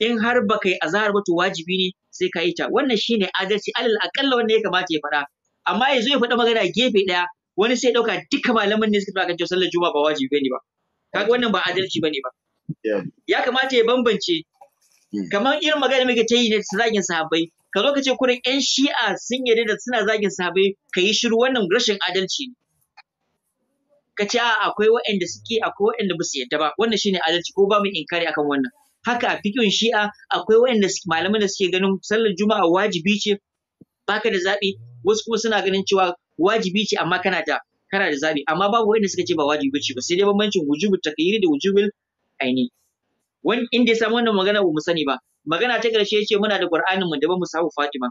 In har ba kai azahar ba to wajibi ne sai ka yi ta. Wannan shine adalci alal akalla wanda ya kamata ya faɗa. Amma yanzu ya faɗa magana gefe ɗaya wani sai ɗauka duka malaman ne suka faɗa kan sallar juma'a ba wajibi ne ba. Kaga wannan ba adalci ba ne ba. Ya kamata ya bambance Hmm. kamar irin magana muke ta yi da zagin sahabbai ka zo ka ce kurin yan shi'a sun yarda da suna zagin sahabbai ka yi shiru wannan rashin adalci ne ka ce a akwai waɗanda suke akwai waɗanda ba su yarda ba wannan shine adalci ko ba mu inkari akan wannan haka a fikin shi'a akwai waɗanda malaman da suke ganin sallar juma'a wajibi ce baka da zaɓi wasu kuma suna ganin cewa wajibi ce amma kana da kana da zaɓi amma babu waɗanda suka ce ba wajibi ce ba sai dai bambancin wujubul takyiri da wujubul aini wani inda ya samu wannan magana ba mu sani ba magana ta ƙarshe ya ce muna da ƙur'anin mu da ba samu Fatima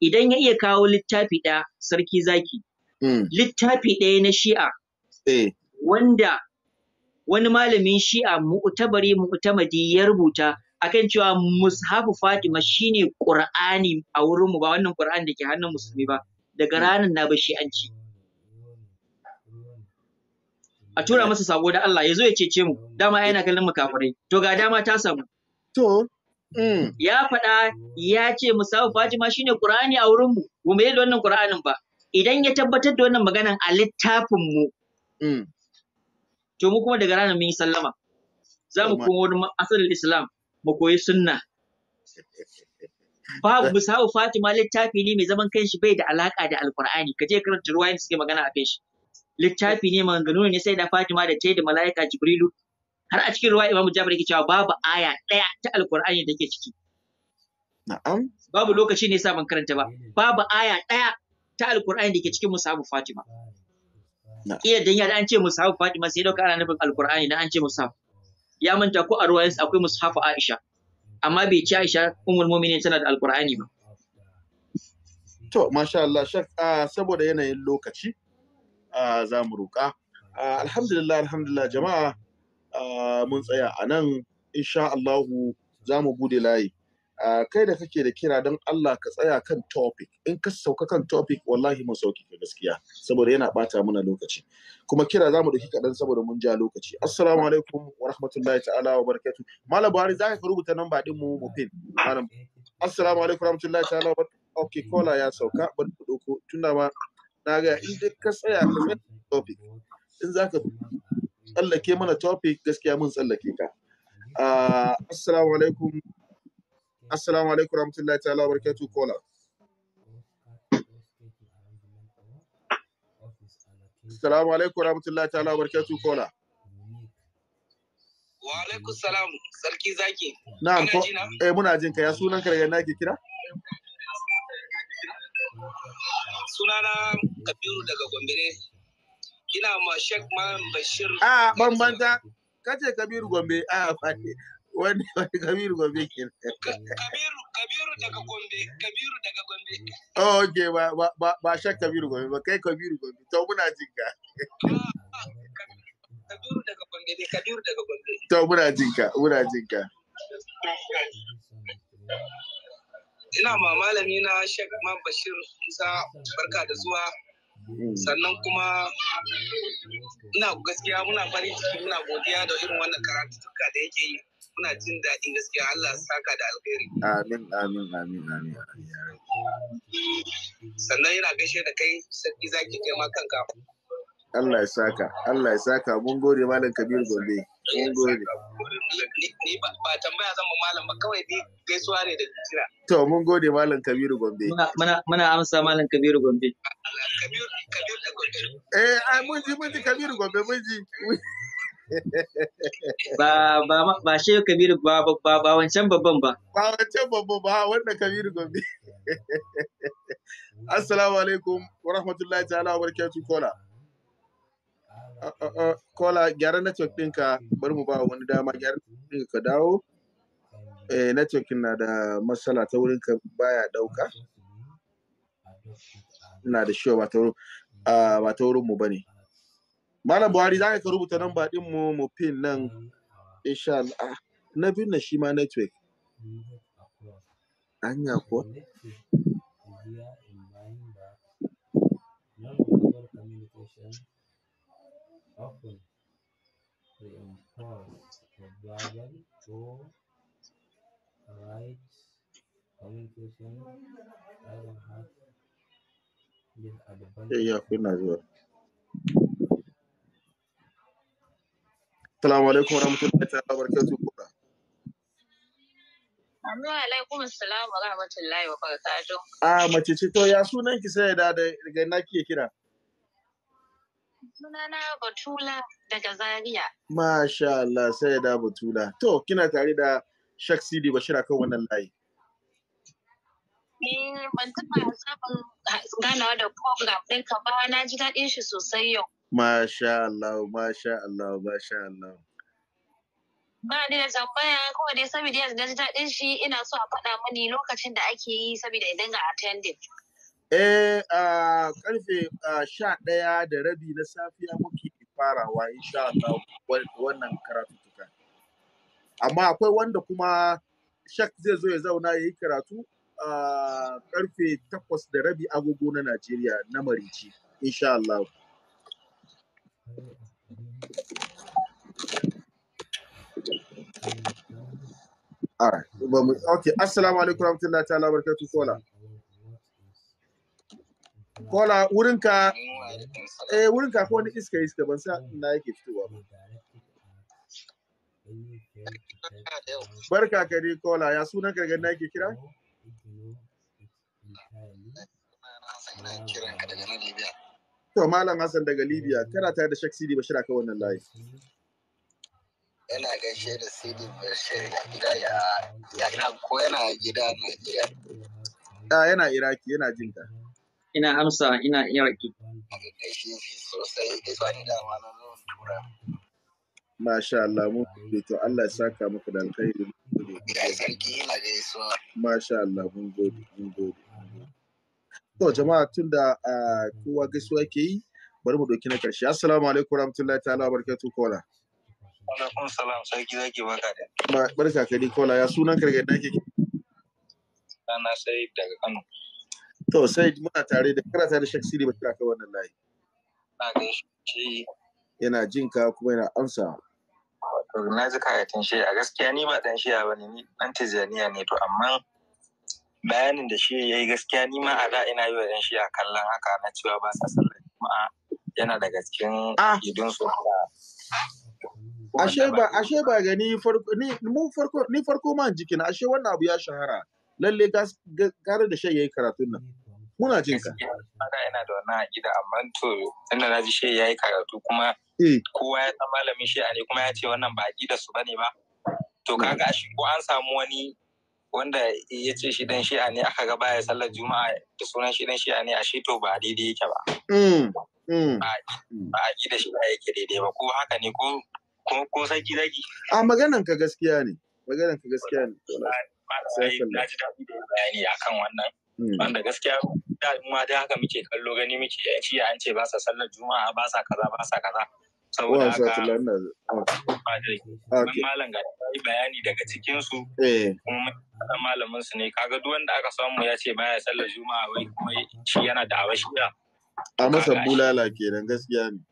idan ya iya kawo littafi ɗaya sarki zaki hmm. littafi ɗaya na Shi'a eh. wanda wani malamin Shi'a mu'tabari mu'tamadi ya rubuta akan cewa mushafu Fatima shine ƙur'ani a wurin mu ba wannan ƙur'ani da ke hannun musulmi ba daga hmm. ranar na bashi an ci. a tura eh. masa sako da Allah ya zo ya cece mu dama yana kallon mu kafirai to ga dama ta samu to mm. ya faɗa ya ce musawu fatima shine qur'ani a wurin mu mu mai da wannan qur'anin ba idan ya tabbatar da wannan maganan a littafin mu mm. to mu kuma daga ranar mun yi sallama za mu koma wani asalin islam mu koyi sunna <laughs> babu musawu fatima littafi ne mai zaman kanshi bai da alaka da alqur'ani ka je karanta ruwayin suke magana a kai shi littafi ne maganganu ne sai da Fatima da ta da malaika Jibrilu har a cikin ruwa Imam Jabir yake cewa babu aya ɗaya ta Alƙur'ani da take ciki. Na'am. Babu lokaci ne sa ban karanta ba. Babu aya ɗaya ta Alƙur'ani da ke cikin Musabu Fatima. iya dan ya da an ce Musabu Fatima sai dauka ana nufin Alƙur'ani dan an ce Musabu Ya manta ko a ruwayansa akwai Musahabu Aisha. Amma bai ci Aisha Ummul Mu'minin tana da Alƙur'ani ba. To, masha Allah, shak, ah, saboda yanayin lokaci, za mu roƙa alhamdulillah alhamdulillah jama'a mun tsaya a nan insha Allahu za mu bude layi kai da kake da kira don Allah ka tsaya kan topic in ka sauka kan topic wallahi mun sauki ka gaskiya saboda yana ɓata mana lokaci kuma kira za mu ɗauki kaɗan saboda mun ja lokaci assalamu alaikum wa rahmatullahi ta'ala wa barakatu. malam buhari za ka rubuta namba ɗin mu mu pin malam assalamu alaikum wa rahmatullahi ta'ala wa Ok, kola ya sauka bari ku ɗauko tunda ma naga ga in dai ka tsaya ka mai topic in za ka tsallake mana topic gaskiya mun tsallake ka ah, assalamu alaikum assalamu alaikum rahmatullahi ta'ala wa barakatuh kola assalamu alaikum rahmatullahi ta'ala wa barakatuh kola wa alaikum salam sarki zaki na'am ko eh muna jin ka ya sunan ka daga nake kira sunana Kabiru daga Gombe ne. Ina ma shek ma Bashir. A bambanta kace Kabiru Gombe a fadi. Wani wani Kabiru Gombe ke. Kabiru Kabiru daga Gombe, Kabiru daga Gombe. Oh, okay, ba ba ba, Kabiru Gombe ba kai Kabiru Gombe. To muna jin ka. Ah, Kabiru daga Gombe, Kabiru daga Gombe. To muna jin ka, muna jin ka. ina ma malami na Sheikh Imam Bashir Musa barka da zuwa sannan kuma ina gaskiya muna farin ciki muna godiya da irin wannan duka da yake yi muna jin daɗin gaskiya Allah ya saka da alheri amin amin amin amin sannan yana gaishe da kai sarki zaki kai ma kanka Allah ya saka Allah ya saka mun gode malam Kabir Gombe Ni ba tambaya zan malam ba kawai ni gaisuwa ne da kira. To mun gode malam Kabiru Gombe. Muna amsa malam Kabiru Gombe. Kabiru Gombe. Eh ai mun ji mun ji Kabiru Gombe mun ji. <laughs> ba ba ba she kabiru ba ba ba wancan babban ba ba wancan babban ba wanda kabiru gombe <laughs> assalamu alaikum wa rahmatullahi ta'ala wa barakatuh kola Uh, uh, uh, kola gyara network ɗinka bari mu ba wani dama gyara ɗinka ka dawo eh network na da matsala ta wurin ka baya ɗauka ina da shiwa ba ta wurin ba ta wurin mu bane malam buhari za ka rubuta namba ɗin mu mu pin nan insha Allah na biyun na shi ma network anya Thank you. often reinforce verbal or written communication don't have disadvantages. Assalamu alaikum warahmatullahi ta'ala barakatuh. Amma alaikum assalam wa rahmatullahi Ah mace ce to ya sunan ki sai da daga ina kike kira? Sunana Batula daga Zaria. Masha Allah sai da Batula. To kina tare da Shak Sidi Bashir kan wannan layi. Eh ban taɓa samun ganawa da program ɗinka ba na ji daɗin shi sosai yau. Masha Allah, masha Allah, masha Allah. ba ni da tambaya kuma dai saboda yanzu na ji daɗin shi ina so a faɗa mani lokacin da ake yi saboda idan ga attending. Eh, a karfe sha ɗaya da rabi na safiya muke farawa insha Allah wannan karatu karatutuka. Amma akwai wanda kuma shak zai zo ya zauna ya yi karatu a karfe takwas da rabi agogo na Najeriya na marici insha Allah. All right. Okay. Assalamu alaikum warahmatullahi ta'ala barakatuh kola wurinka eh, eh wurinka ko wani iska iska ban sa na yake fitowa ba barka ka kola ya sunan gargar na yake kira to malam hassan daga libya kana tare da shek sidi bashir akan wannan layi yana gaishe da sidi bashir da gida ya ko yana gida na iraki ah, yana iraki yana jinta. ina amsa ina iya raki Masha Allah mu gode to Allah ya saka muku da alkhairi Masha Allah mun gode mun gode To jama'a tunda kowa gaisuwa ke yi bari mu doki na karshe assalamu alaikum warahmatullahi ta'ala wabarakatuh kola Alaikum salam sarki zaki baka da Barka kadi kola ya sunan karkar da kake Ana sai daga Kano To sai muna tare da kana tare da Sheikh Siri Bashir akan wannan layi. Na gaishe yana jin ka kuma yana amsa. To na ji yatin shi a gaskiya ni ba dan shiya bane ni dan Tijaniya ne to amma bayanin da shi yayi gaskiya ni ma a da ina yi wa dan shiya kallon haka na cewa ba sa sallar juma'a yana daga cikin ah! idun su Ashe ba ashe ba gani farko ni mu farko ni farko ma jikin ashe wannan abu ya shahara. lalle gara da ya yayi karatun nan muna jin ka ana ina da wannan akida amma to ina na ji ya yayi karatu kuma eh. kowa ya san malamin shi ne kuma ya ce wannan ba akida su bane ba to kaga shi ko an samu wani wanda ya ce shi dan shi'a ne aka ga ya sallar juma'a da sunan shi dan shi'a ne a shi to ba daidai yake ba mm, mm. ba a gida shi ba yake daidai ba ko haka ne ko ko sai zaki a maganan ka gaskiya ne maganan ka gaskiya ne na ji daɗi da bayani akan wannan hmm. wanda gaskiya da ma da haka muke kallo gani muke yan ciya an ce ba sa sallar juma'a ba sa kaza ba sa kaza saboda haka ban malam ga yi bayani daga cikin su eh. kuma dan malamin su ne kaga duk wanda aka samu ya ce baya sallar juma'a wai kuma shi yana da awashiya a masa bulala kenan gaskiya ne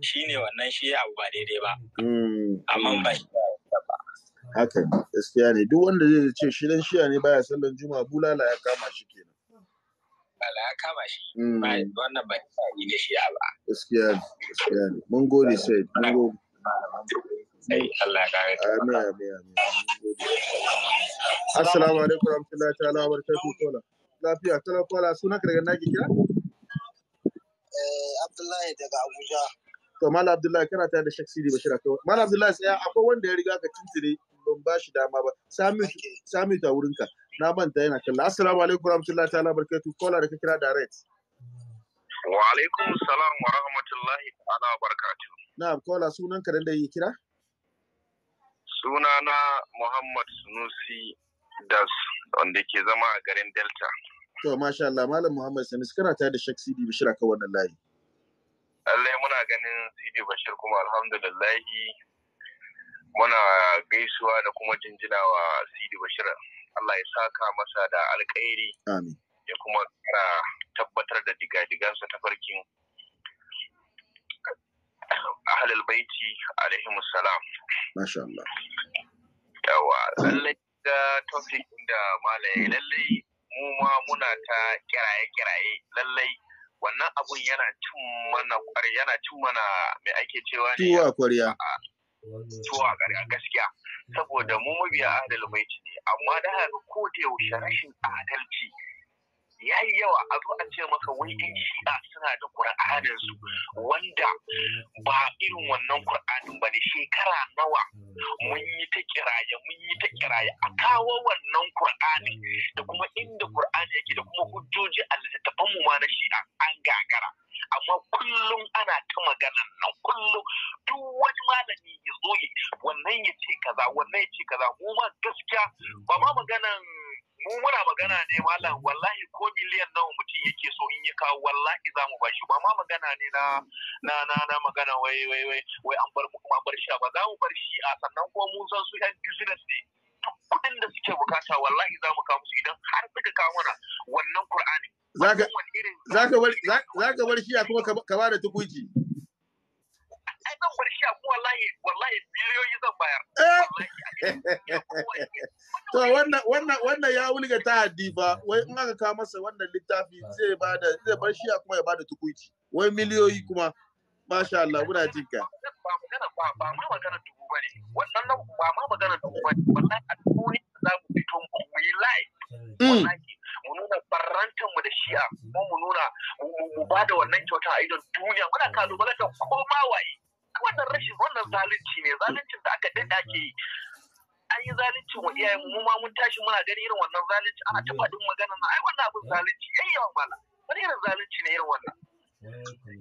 shi ne wannan shi abu ba daidai ba hmm. amma ba shi ba haka ne gaskiya ne duk wanda zai ce shi dan shiya ne baya sallan juma'a bulala ya kama shi kenan bulala ya kama shi mm. Ba wannan ba ni da shiya ba gaskiya ne gaskiya ne mun gode sai mun gode Allah ya kare amin amin amin assalamu alaikum warahmatullahi ta'ala barakatuh kola lafiya tana kola sunan ka daga naki kira eh Abdullahi daga Abuja to Malam Abdullahi kana tare da Sheikh Sidi Bashir akwai Malam Abdullahi sai akwai wanda ya riga ka tuntune ban ba shi dama ba sami ta wurinka na manta yana kalla assalamu alaikum warahmatullahi ta'ala barkatu kola da ka kira direct wa alaikum salam wa rahmatullahi ta'ala barkatu na kola sunan ka da yi kira Suna na muhammad sunusi das wanda ke zama a garin delta to masha Allah malam muhammad sunusi kana ta da shak sidi bishira ka wannan layi Allah muna ganin sidi bashir kuma alhamdulillah muna gaisuwa da kuma jinjina wa sidi bashir allah ya saka masa da alkairi ya kuma kara tabbatar da digadigansa ta farkin ahalal baiti alaihimu salam masha allah yawa lallai da topic da malaye lallai mu ma muna ta kiraye-kiraye lallai wannan abun yana cin mana yana cin mana mai ake cewa ne tuwa kwarya zuwa a gaskiya saboda mu mabiya adalci ne amma da haka ko da yaushe rashin adalci ya yi yawa a zo a ce maka wai in shi'a suna da ƙur'aninsu wanda ba irin wannan ƙur'anin ba ne shekara nawa mun yi ta kiraye mun yi ta kiraye a kawo wannan ƙur'ani da kuma inda ƙur'ani yake da kuma hujjoji a littattafan mu ma na shi'a an gagara amma kullum ana ta maganan nan kullum duk wani malami ya zo wannan ya ce kaza wannan ya ce kaza mu ma gaskiya ba ma maganan mu muna magana ne malam wallahi ko miliyan nawa mutum yake so in ya kawo wallahi za mu bashi ba ma magana ne na na na na magana wai wai wai wai an bar mu kuma bar shi ba za mu bar shi a sannan ko mun san su yan business ne kudin da suke bukata wallahi za mu kawo musu idan har suka kawo mana wannan qur'ani zaka zaka bar zaka bar shi kuma ka ba da tukuji ai zan bar shi wallahi wallahi miliyoyi zan bayar eh, <laughs> to wannan wannan wannan ya wulga ta haddi ba wai in aka kawo masa wannan littafi zai ba da zai bar shi kuma ya ba da tukuici wai miliyoyi kuma masha Allah muna jin ka ba magana ba ba ma magana dubu bane wannan nan ba ma magana dubu bane Wannan a duniya za mu fito mu yi live mm. mu nuna barrantan mu da shi'a mu mu nuna mu ba da wannan kyauta a idon duniya muna kalubalantar ko ma waye wannan rashin wannan zalunci ne zaluncin da aka dada ke yi an yi zalunci wa iyayen mu ma mun tashi muna ganin irin wannan zalunci ana ta faɗin magana na ai wannan abin zalunci yayi eh, yawan bala wani irin zalunci ne irin wannan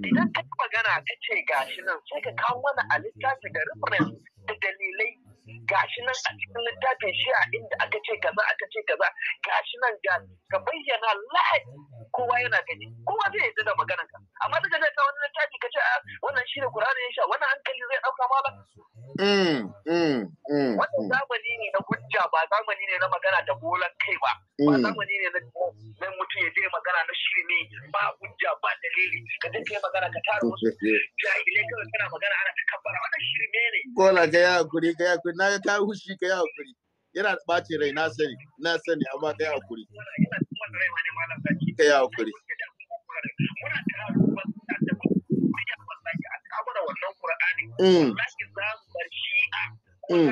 idan ka magana ka ce gashi nan sai ka kawo mana a littafi da reference da dalilai gashi nan a cikin littafin shi a inda aka ce kaza aka ce kaza gashi nan ga ka bayyana lahadi kowa yana gani kowa zai yadda da maganar ka amma daga zai ta wani littafi ka ce ah, a wannan shi ne kurani ya sha wannan hankali zai ɗauka ma mm, mm, mm, ba. wannan zamani ne na hujja ba zamani ne na magana da bolan kai ba ba zamani ne na mutum ya zai magana na shi ne ba hujja ba dalili ka je kai magana ka tara wasu <laughs> jahilai kawai kana magana ana ta kabbara wannan shirme ne. Kola ka yi hakuri ka yi hakuri na ga kayan hushi ka yi hakuri yana da rai na sani na sani amma ka yi hakuri ka yi hakuri a mm. mm.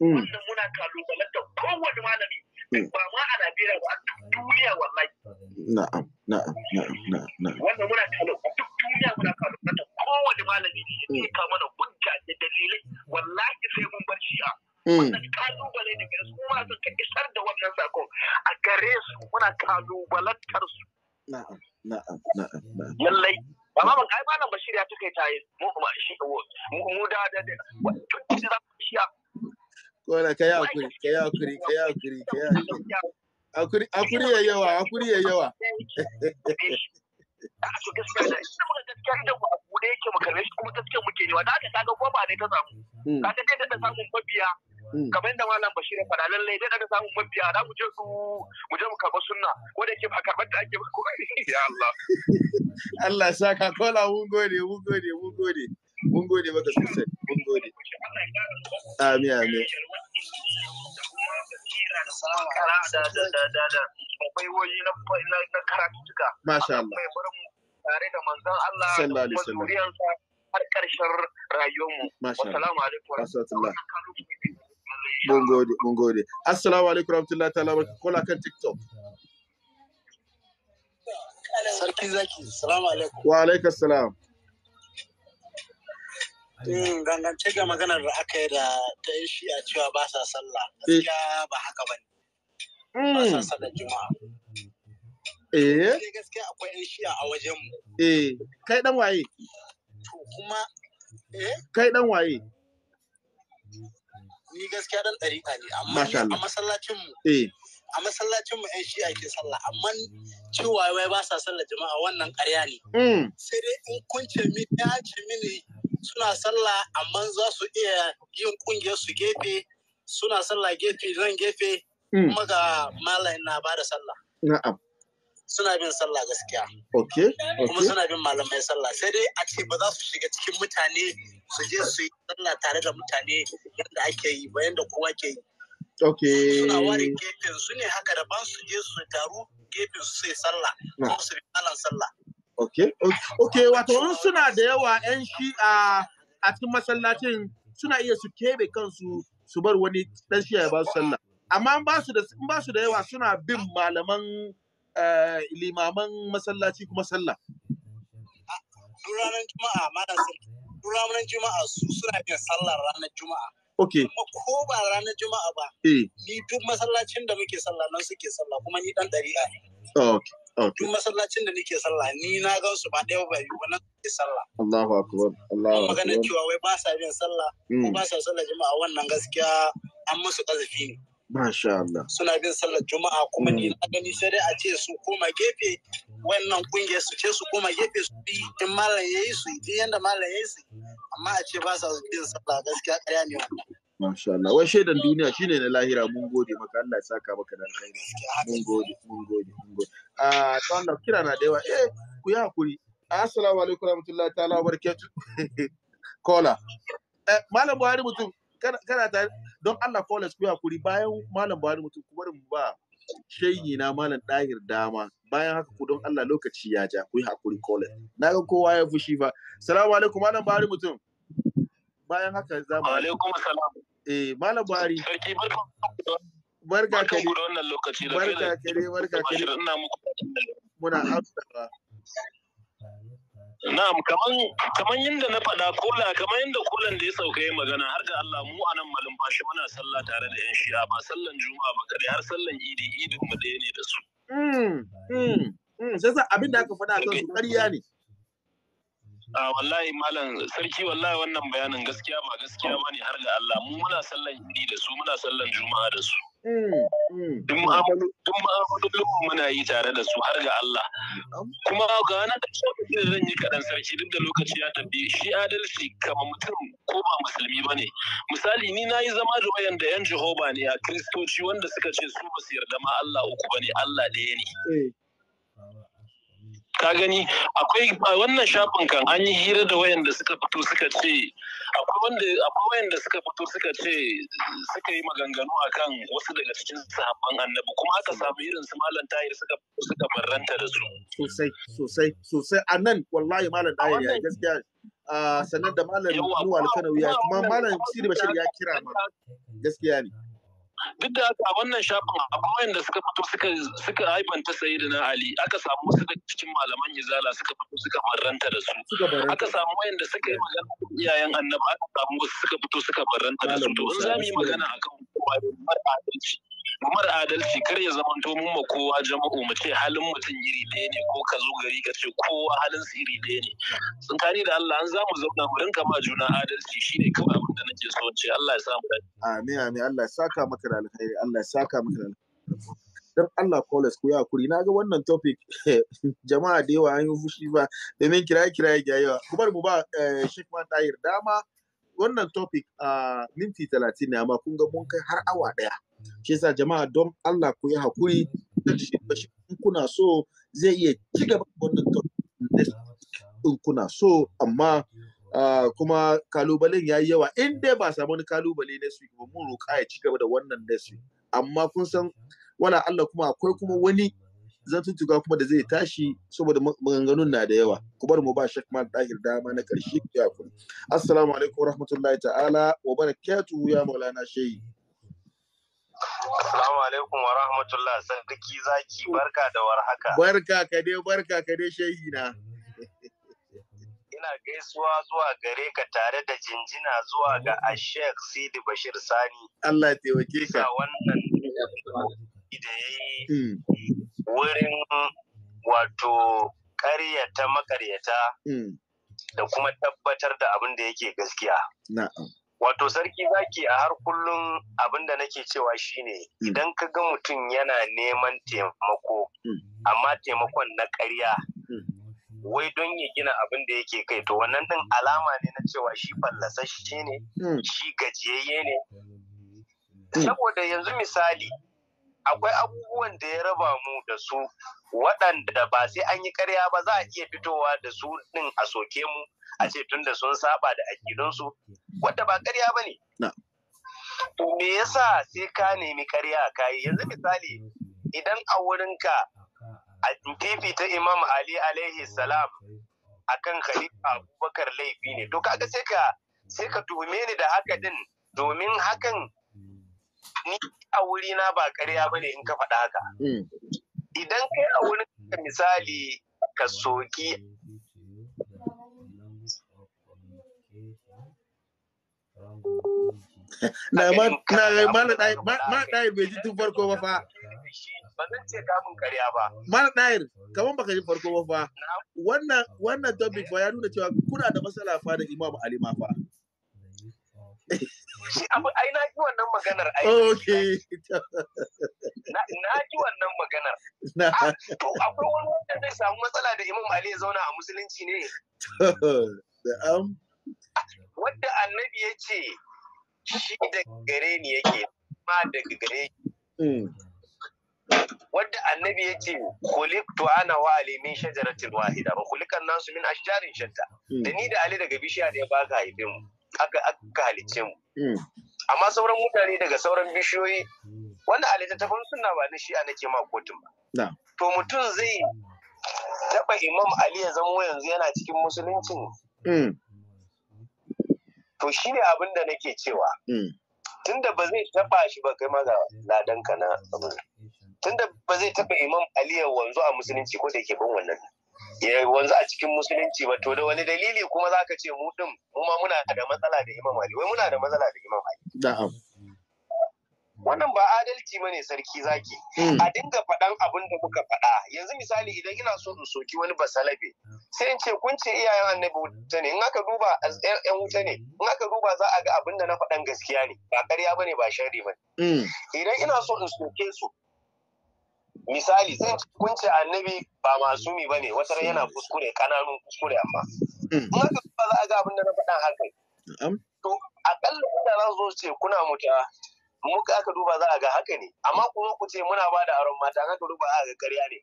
mm. Na'am, na'am, na'am, na'am. Wanda muna duk kowane malami ne ya hmm. kama da hujja da dalilai wallahi sai mun bar a? Hmm. wannan kalubale da gare su kuma sun ka isar da wannan sako a gare su muna kalubalantar su lallai amma ban kai malam bashir ya tukai tayi mu kuma shi mu da da duk da shi kora ka yi hakuri ka yi hakuri ka yi hakuri ka yi hakuri Akuri ya yawa akuri ya yawa da ake gaskiya da shi muka gaskiya idan mu a da yake makarbe shi kuma gaskiya muke ne da aka kaga goma ne ta samu kaga dai da samun mabiya kamar yadda malam bashir ya fara lallai dai ta samun mabiya da mu je su mu je mu karɓa sunna ko da yake ba karɓar da ake ba ko ya Allah Allah ya saka kola mun gode mun gode mun gode mun gode maka sosai mun gode amin amin baiwoyi na na karatuka masha Allah mai barin tare da manzan Allah sallallahu alaihi wasallam har ƙarshen rayuwarmu assalamu alaikum warahmatullahi mun gode mun gode assalamu alaikum warahmatullahi ta'ala barka kula kan tiktok sarki zaki assalamu alaikum wa alaikum assalam dangance ga maganar da aka yi da ta yi shi a cewa ba sa sallah eh. gaskiya ba haka ba ne sa mm. sallar juma'a eh gaskiya akwai yan shi'a a wajen mu eh kai dan waye to kuma eh kai dan waye ni gaskiya dan dariƙa ne amma a masallacin mu eh a masallacin mu 'yan shi'a ke sallah amma cewa wai ba sa sallah jama'a wannan ƙarya ne mm. sai dai in kun ce mi ya ce mini suna sallah amma za su iya yin ƙungiyar su gefe suna sallah gefe zan gefe Hmm. kuma ga malayin na ba da sallah na'am suna bin sallah gaskiya Ok. kuma suna bin malamai sallah sai dai a ce ba za su shiga cikin mutane su je su yi sallah tare da mutane yadda ake yi ba yadda kowa ke yi Ok. suna ware gefen su ne haka da ban su je su taru gefen su sai sallah ko su bi malam sallah Ok. Ok. wato in suna da yawa yan shi'a a cikin masallacin suna iya su kebe kansu su bar wani ɗan shi'a ya ba su sallah amma in ba su da in ba su da yawa suna bin malaman eh, limaman masallaci kuma sallah ranar juma'a malam sarki ranar juma'a su suna bin sallar ranar juma'a Okay. Kuma ko ba ranar juma'a ba. Eh. Ni duk masallacin da muke sallah nan suke sallah kuma ni dan dari'a ne. Okay. Duk masallacin da nake sallah ni na gan su ba ɗaya ba biyu ba nan suke sallah. Allahu akbar. Allahu akbar. Maganar cewa wai ba sa bin sallah ko hmm. ba sa sallah juma'a wannan gaskiya an musu kazafi ne. Masha Allah. Suna bin sallar Juma'a kuma ni na gani sai dai a ce su koma gefe wannan kungiyar su ce su koma gefe su bi in malam yayi su yi yanda malam yayi su amma a ce ba sa bin sallah gaskiya ƙarya ne wannan. Masha Allah. Wai shaidan duniya shine na lahira mun gode maka Allah ya saka maka da alkhairi. Mun gode, mun gode, mun gode. ta ah, tsawon kira na da yawa. Eh, ku yi hakuri. Assalamu alaikum warahmatullahi ta'ala wa barakatuh. Kola. <laughs> Eh, malam Buhari mutum kana kana tare don Allah su ku hakuri bayan malam Buhari mutum ku bari mu ba shayi na malam Dahir dama bayan haka ku don Allah lokaci ya ja ku yi hakuri kola na ga kowa ya fushi fa salamu alaikum malam Buhari mutum bayan haka za mu alaikum salam eh malam Buhari sarki barka ka ne barka ka ne barka ka ne muna hausa Na'am kaman kaman yanda na faɗa kula kaman yanda kulan da ya sauka yi magana har ga Allah mu anan malum bashi muna sallah tare da yan shi'a ba sallan juma'a ba kare har sallan idi Idi kuma ɗaya ne da su. Hmm, hmm, hmm, Sai sa abin da aka faɗa kan su ƙarya ne. A wallahi malam sarki wallahi wannan bayanin gaskiya ba gaskiya ba ne har ga Allah mu muna sallan idi da su muna sallan juma'a da su. Mm, mm. Duk ma'amalolin muna yi tare da su har ga Allah. Kuma ga wani da shi da zan yi kaɗan sarki duk da lokaci ya tafi shi adalci kama mutum ko ba musulmi ba ne. Misali ni na yi zama da wayanda yan Jehova ne a Kiristoci wanda suka ce su ba su yarda ma Allah uku ba ne Allah ɗaya ne. Eh. ka gani akwai wannan shafin kan an yi hira da wayanda suka fito suka ce akwai wanda akwai wayanda suka fito suka ce suka yi maganganu akan wasu daga cikin sahabban annabi kuma aka samu irin su malam tahir suka suka barranta da su sosai sosai sosai anan wallahi malam tahir ya gaskiya sanar da malam Nuwa Alkanawi ya kuma malam Siri Bashir ya kira ma gaskiya ne duk da haka wannan shafin akwai wanda suka fito suka suka aibanta sayyidina ali aka samu wasu daga cikin malaman izala suka fito suka barranta da su aka samu wanda suka yi magana iyayen annabi aka samu wasu suka fito suka barranta da su to in za mu yi magana akan kowa ne mara adalci mara adalci kar ya to mun ma kowa jama'u mu ce halin mutum iri ɗaya ne ko ka zo gari ka ce kowa halin su iri ɗaya ne sun kani da Allah an zamu zauna mu rinka ma juna adalci shine kawai abin da nake so ce Allah ya sa mu dace amin amin Allah ya saka maka da alkhairi Allah ya saka maka da alkhairi dan Allah Kolas ku ya kuri na ga wannan topic <laughs> jama'a da yawa an yi fushi ba domin kiraye kiraye ga yawa ku bar mu ba eh, Sheikh Man Tahir dama wannan topic a ah, minti talatin ne amma kun ga mun kai har awa daya shi yasa jama'a don Allah ku yi hakuri in kuna so zai iya ci gaba wannan in kuna so amma kuma kalubalen ya yi yawa in dai ba samu wani kalubale na su ba mun roƙa ya ci gaba da wannan na amma kun san wala Allah kuma akwai kuma wani zantuttuka kuma da zai tashi saboda maganganun na da yawa ku bar mu ba shak ma dahir dama na karshe ya kun assalamu alaikum rahmatullahi ta'ala wa barakatuhu ya maulana shehi Assalamu alaikum wa rahmatullah sarki zaki barka da warhaka. Barka ka dai barka ka dai na. Ina gaisuwa zuwa gare ka tare da jinjina zuwa ga Ashek Sidi Bashir Sani. Allah ya taimake ka. wannan da ya yi hmm. wurin wato karyata makaryata hmm. da kuma tabbatar da abin da yake gaskiya. Na'am. Wato sarki zaki a har kullum abinda nake cewa shine hmm. idan ka ga mutum yana neman taimako hmm. amma taimakon na karya, hmm. wai don ya gina abin da yake kai to wannan din alama ne na cewa shi fallasashe ne shi gajiyayye ne saboda yanzu misali akwai abubuwan da ya raba mu da su waɗanda ba sai an yi karya ba za a iya fitowa da su din a soke mu a ce tun da sun saba da aƙidunsu wadda ba ƙarya ba ne. Me yasa sai ka nemi karya a kayi yanzu misali idan a wurinka a fifita Imam Ali alaihi salam akan Khalifa Abubakar laifi ne to kaga sai ka sai ka tuhume ni da haka din domin hakan ni a wurina ba karya ba ne in ka faɗa haka. Hmm. Idan kai a wurin misali ka soki na ma na ma na dai ma dai bai ji tun farko ba fa ba zan ce kamun karya ba ma dai kaman baka ji farko ba fa wannan wannan topic fa ya nuna cewa kuna da matsala fa da Imam Ali ma fa <laughs> shi abu ai na ji wannan maganar ai okay na ji wannan maganar ah, to akwai wani wanda zai samu matsala da Imam Ali ya zauna a musulunci ne <laughs> ah, wanda annabi ya ce shi da gare ni yake ma daga gare ni hmm. Wanda annabi yake "Kulik to ana wa alimin shajaratin wahida ba kulikan nasu min ashjarin shatta hmm. da ni da ali daga bishiya da ya ka haife mu aka aka halice mu hmm. amma sauran mutane daga sauran bishiyoyi wanda ta littattafan suna ba na shi'a nake ma kotun ba to mutum zai taɓa imam ali ya zama yanzu yana cikin musuluncin to shi ne abin da nake cewa mm. tun da ba zai taba shi ba kai maza ladan ka na da ba zai taba imam aliyar wanzu a musulunci ko da yake bin wannan ya wanzu a cikin musulunci ba to da wani dalili kuma za ka ce mu ɗin mu ma muna da matsala da imam ali wai muna da matsala da imam ali wannan ba adalci bane sarki zaki hmm. a dinga faɗan abin da muka faɗa yanzu misali idan ina so in soki wani basalabe sai in ce kun ce iyayen annabi wuta ne in aka duba yan wuta ne in aka duba za a ga abin da na faɗan gaskiya ne ba ƙarya bane ba sharri bane hmm. idan ina so in soke su misali sai kun ce annabi ba masumi bane wata yana kuskure kananun kuskure amma hmm. in aka duba za a ga abin da na faɗan haka to akalla inda zo ce kuna muta muka aka duba za a ga haka ne amma kuma ku ce muna ba da aron mata aka duba a ga karya ne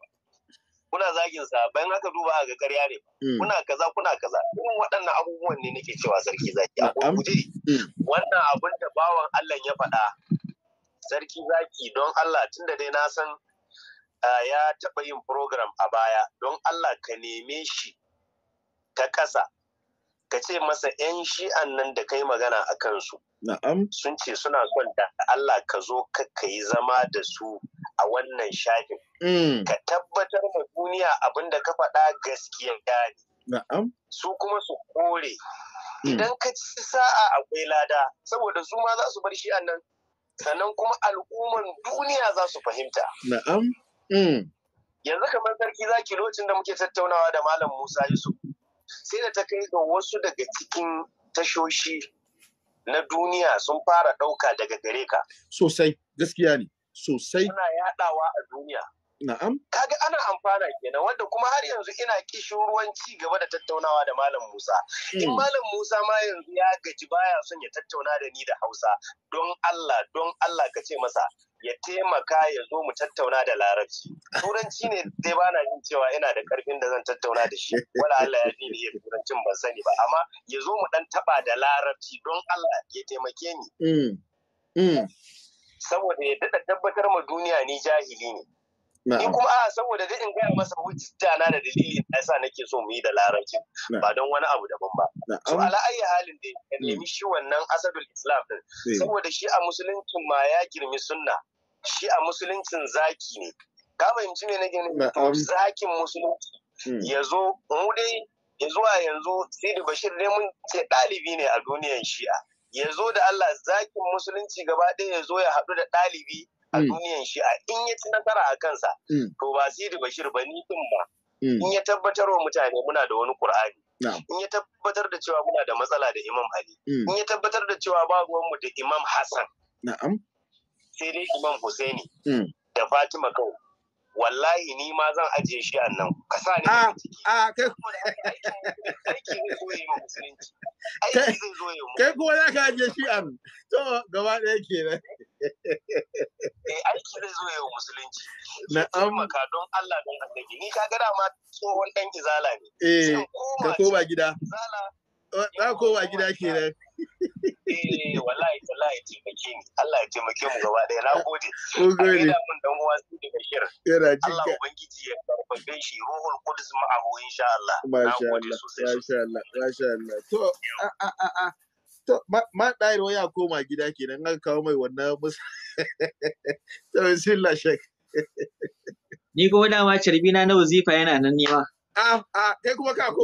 kuna zagin sa bayan aka duba a ga karya ne hmm. kuna kaza kuna kaza irin waɗannan abubuwan ne nake cewa sarki zaki a guje hmm. wannan abin da bawan Allah ya faɗa sarki zaki don Allah tunda dai na san ya taɓa yin program a baya don Allah ka neme shi ta ƙasa ka ce masa 'yan shi'an nan da kai magana a kansu sun ce suna son da Allah ka zo ka yi zama da su a wannan shafin mm. ka tabbatar da duniya abin ka faɗa gaskiya gani su kuma su kore mm. idan ka ci sa'a akwai lada saboda su ma za su bar shi'an nan sannan kuma al'umman duniya za su fahimta mm. yanzu kamar sarki zaki lokacin da muke tattaunawa da malam Musa Yusuf sai da ta kai ga wasu daga cikin tashoshi na duniya sun fara ɗauka daga gare ka. Sosai, gaskiya ne, sosai. Ana yaɗawa a duniya. Na'am. Kaga ana amfana kenan wanda kuma har yanzu ina kishin ruwan ci gaba da tattaunawa da Malam Musa. In mm. Malam Musa ma yanzu ya gaji baya son ya tattauna da ni da Hausa don Allah don Allah ka ce masa ya taimaka ya zo mu tattauna da larabci turanci ne dai ba na jin cewa ina da karfin da zan tattauna da shi wala Allah ya fi ni turancin ban sani ba amma ya zo mu dan taba da larabci don Allah ya taimake ni mm. Mm. saboda ya daɗa tabbatar ma duniya ni jahili ne Ni kuma a saboda zai in gaya masa hujjata na da dalili na yasa nake so mu yi da larabci ba don wani abu daban ba. To ala ayi halin da ya mm. nemi shi wannan asadul islam din saboda shi a musuluncin ma ya girmi sunna. shi a musuluncin zaki ne ka fahimci me nake ne zakin musulunci hmm. ya zo mu dai ya zuwa yanzu Sidi Bashir ne mun ce ɗalibi ne a duniyan shi'a ya zo da Allah zakin musulunci gaba ɗaya ya zo ya haɗu da ɗalibi a hmm. duniyan shi'a in ya ci nasara a kansa hmm. to ba Sidi Bashir ba ni din ba in ya tabbatar wa mutane muna da wani ƙur'ani. in ya tabbatar da cewa muna da matsala da Imam Ali in ya tabbatar da cewa ba ruwanmu da Imam Hassan sai dai Imam Husaini hmm. da Fatima kawai. Wallahi ni ma zan ajiye shi a nan. Ka sa ni ah, a ah, kai kuma aiki zai zo yi musulunci. Aiki Kai kuma za ka ajiye shi a nan. to gaba ɗaya ke nan. Eh, aiki zai zo yau musulunci. Na maka don Allah don Allah ni ka ga ma tsohon ɗan izala ne. Eh ka koma gida. Izala za ko ba gida kenan eh wallahi wallahi taimake ni Allah ya taimake mu gaba ɗaya. na gode mun gode mun dan uwa su daga shir yana jinka Allah ubangiji ya karfafe shi ruhul qudus ma'ahu insha Allah masha Allah masha Allah masha Allah to a a a a to ma dairo ya koma gida kenan an kawo mai wannan musa <laughs> to bismillah shek ni ko dama carbi na na wazifa yana nan ma. a a kuma ka ko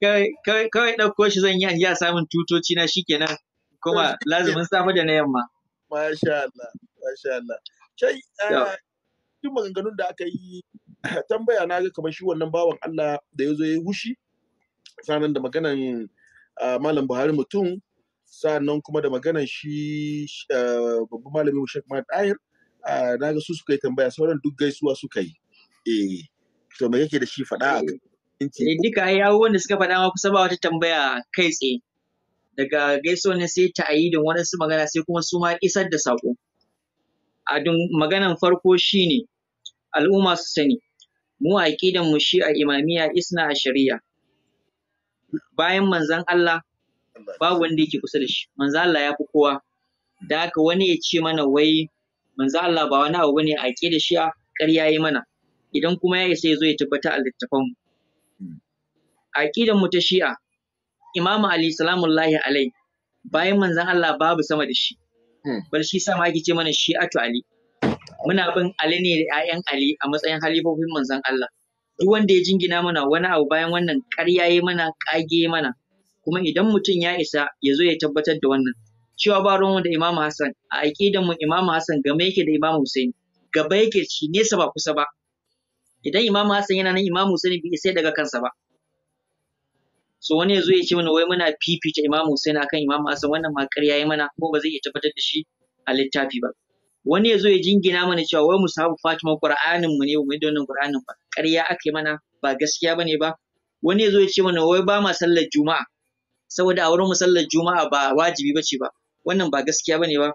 kawai kawai ɗauko shi zan yi ya samun tutoci na kenan kuma lazumin samu da na yamma masha Allah masha Allah kai eh, duk maganganun da aka yi tambaya na ga kamar shi wannan bawan Allah da ya zo ya yi hushi sanan da maganan ah, malam Buhari mutum sa'annan kuma da magana shi eh, babban malamin mu Sheikh Mahat Ayir na ga su suka yi tambaya sauran duk gaisuwa suka yi eh to me yake da shi faɗa a kan eh, duka yawo wanda suka faɗa ma kusa ba wata tambaya kai tsaye daga gaisuwa ne sai ta ayi da waɗansu magana sai kuma su ma isar da saƙo a maganan farko shine al'umma su sani mu aqidan mu shi a imamiya isna a shari'a bayan manzon Allah babu wanda yake kusa da shi manzo Allah ya fi kowa da haka wani ya ce mana wai manzo Allah ba wani abu bane a ke da shi a ƙarya yi mana idan kuma ya isa ya zo ya tabbata a littafan mu hmm. aqidan mu ta shi'a Imam Ali salamullahi alai bayan manzon Allah babu sama da shi hmm. bal shi sa ma ce mana shi'atu Ali muna bin Ali ne da ƴaƴan Ali a matsayin halifofin manzon Allah duk wanda ya jingina mana wani abu bayan wannan ƙarya yi mana ƙage mana kuma idan mutum ya isa ya zo ya tabbatar da wannan cewa ba ruwan da Imam Hassan a aƙidan mu Imam Hassan game yake da Imam Hussein gaba yake ci nesa ba kusa ba idan Imam Hassan yana nan Imam Hussein bai sai daga kansa ba so wani ya zo ya ce mana wai muna fifita Imam Hussein akan Imam Hassan wannan ma ƙarya yayi mana kuma ba zai iya tabbatar da shi a littafi ba wani ya zo ya jingina mana cewa wai mu sabu Fatima Qur'anin mu ne mu da wannan Qur'anin ba ƙarya aka yi mana ba gaskiya bane ba wani ya zo ya ce mana wai ba ma sallar juma'a saboda a wurin musallar juma'a ba wajibi bace ba wannan ba gaskiya bane ba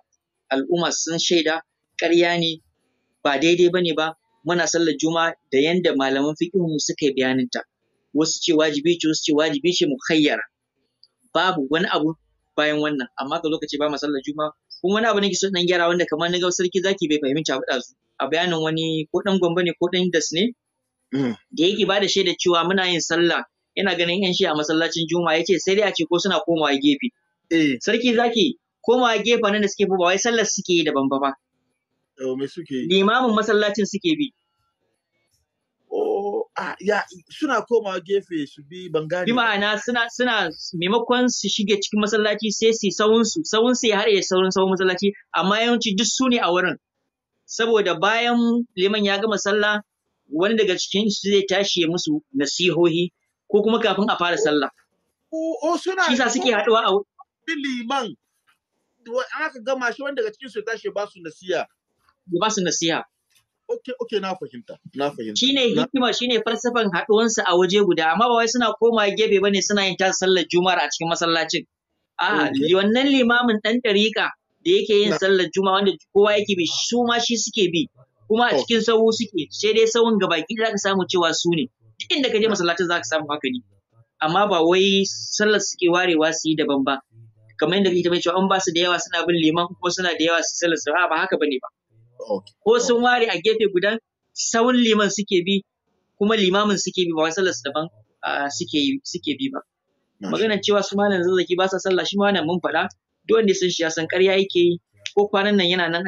al'umma sun shaida ƙarya ne ba daidai ba ne ba muna sallar juma'a da yanda malaman fiƙihunmu suka yi bayaninta wasu ce wajibi ce wasu ce wajibi ce mu hayyara. babu wani abu bayan wannan amma ka lokaci ba sallar juma'a kuma wani abu ne ke so dan gyara wanda kamar na ga sarki zaki bai fahimci abu su a bayanin wani ko dan gwamba ne ko dan das ne mm. da yake ba da shaida cewa muna yin sallah ina ganin yan shi a masallacin juma'a yace sai dai a ce ko suna komawa gefe eh. sarki zaki komawa gefe nan da suke ba wai sallar suke yi daban ba ba eh, me suke limamin masallacin suke bi Oh, ah, ya suna komawa gefe su bi bangare. Bi ma'ana suna suna maimakon su shige cikin masallaci sai su sawun su sawun su ya har ya saurin sawun masallaci amma yawanci duk su ne a wurin. Saboda bayan liman ya gama sallah wani daga cikin su zai tashi ya musu nasihohi ko kuma kafin a fara sallah o suna shi sa suke haduwa a liman an aka gama shi wanda daga cikin su tashi ba su nasiya ba su nasiha okay okay na fahimta na fahimta shine hikima shine falsafan haduwansu a waje guda amma ba wai suna komawa gefe bane suna yin ta sallar juma'ar a cikin masallacin a wannan limamin dan dariƙa da yake yin sallar juma'a wanda kowa yake bi su ma shi suke bi kuma a cikin sahu suke sai dai sahun gabaki za ka samu cewa su ne inda ka je masallacin za ka samu haka ne amma ba wai sallar suke warewa su yi daban ba kamar yadda kake mai cewa an ba su da yawa suna bin liman ko suna da yawa su sallar su ba haka bane ba ko sun ware a gefe guda sauran liman suke bi kuma limamin suke bi ba wai sallar su daban suke suke bi ba magana cewa su malam zazzaki ba sa sallah shi malam mun faɗa duk wanda sun shi san ƙarya yake yi ko kwanan nan yana nan a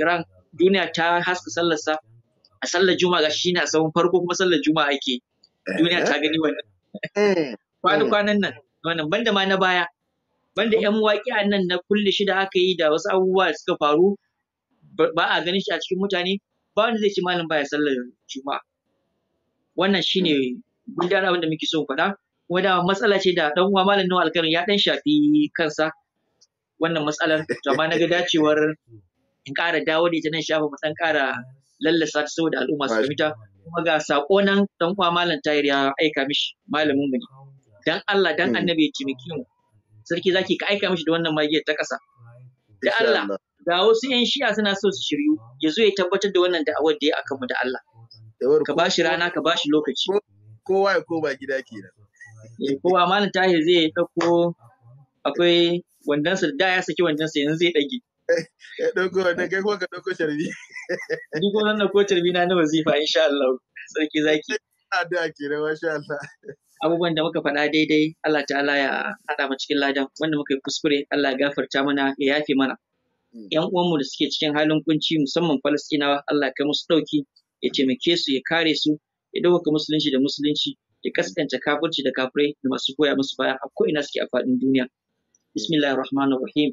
Iran duniya ta haska sallarsa a sallar juma'a ga shi na sabon farko kuma sallar juma'a ake eh. duniya ta gani wannan eh. kwanan eh. kwanan nan wannan banda ma na baya banda yan a nan na kulle shida aka yi da wasu abubuwa da suka faru ba a ganin shi a cikin mutane ba wanda zai ci malam baya sallar juma'a wannan shine gudanar abin da muke so faɗa kuma da matsala ce da dan uwa malam nawa alkarin ya dan shafi kansa wannan matsalar to amma na ga dacewar in ƙara dawo da ita nan shafa mu dan ƙara lallasa ta saboda al'umma su fahimta kuma ga sako nan dan uwa malam tayir ya aika mishi malamin mu ne dan Allah dan hmm. annabi ya cimiki mu sarki zaki ka aika mishi da wannan magiyar ta kasa da Allah ga wasu yan shi'a suna so su shiryu ya zo ya tabbatar da wannan da'awar da ya aka mu da Allah ka bashi rana ka bashi lokaci kowa ya koma gida kenan eh, kowa malam tahir zai dauko akwai wandansa da ya saki wandansa yanzu zai dage Duk wannan <laughs> na ko na wazifa insha Allah sarki zaki. Abubuwan da muka faɗa daidai Allah ta'ala ya haɗa mu cikin ladan wanda muka yi kuskure Allah ya gafarta mana ya yafe mana. Hmm. ‘Yan uwanmu da suke cikin halin kunci musamman Falastinawa Allah kai musu ɗauki ya taimake su ya kare su ya ɗauka musulunci da musulunci ya kaskanta kafirci da kafirai da masu goya musu baya a ko'ina suke a faɗin duniya. Bismillahi Rahim.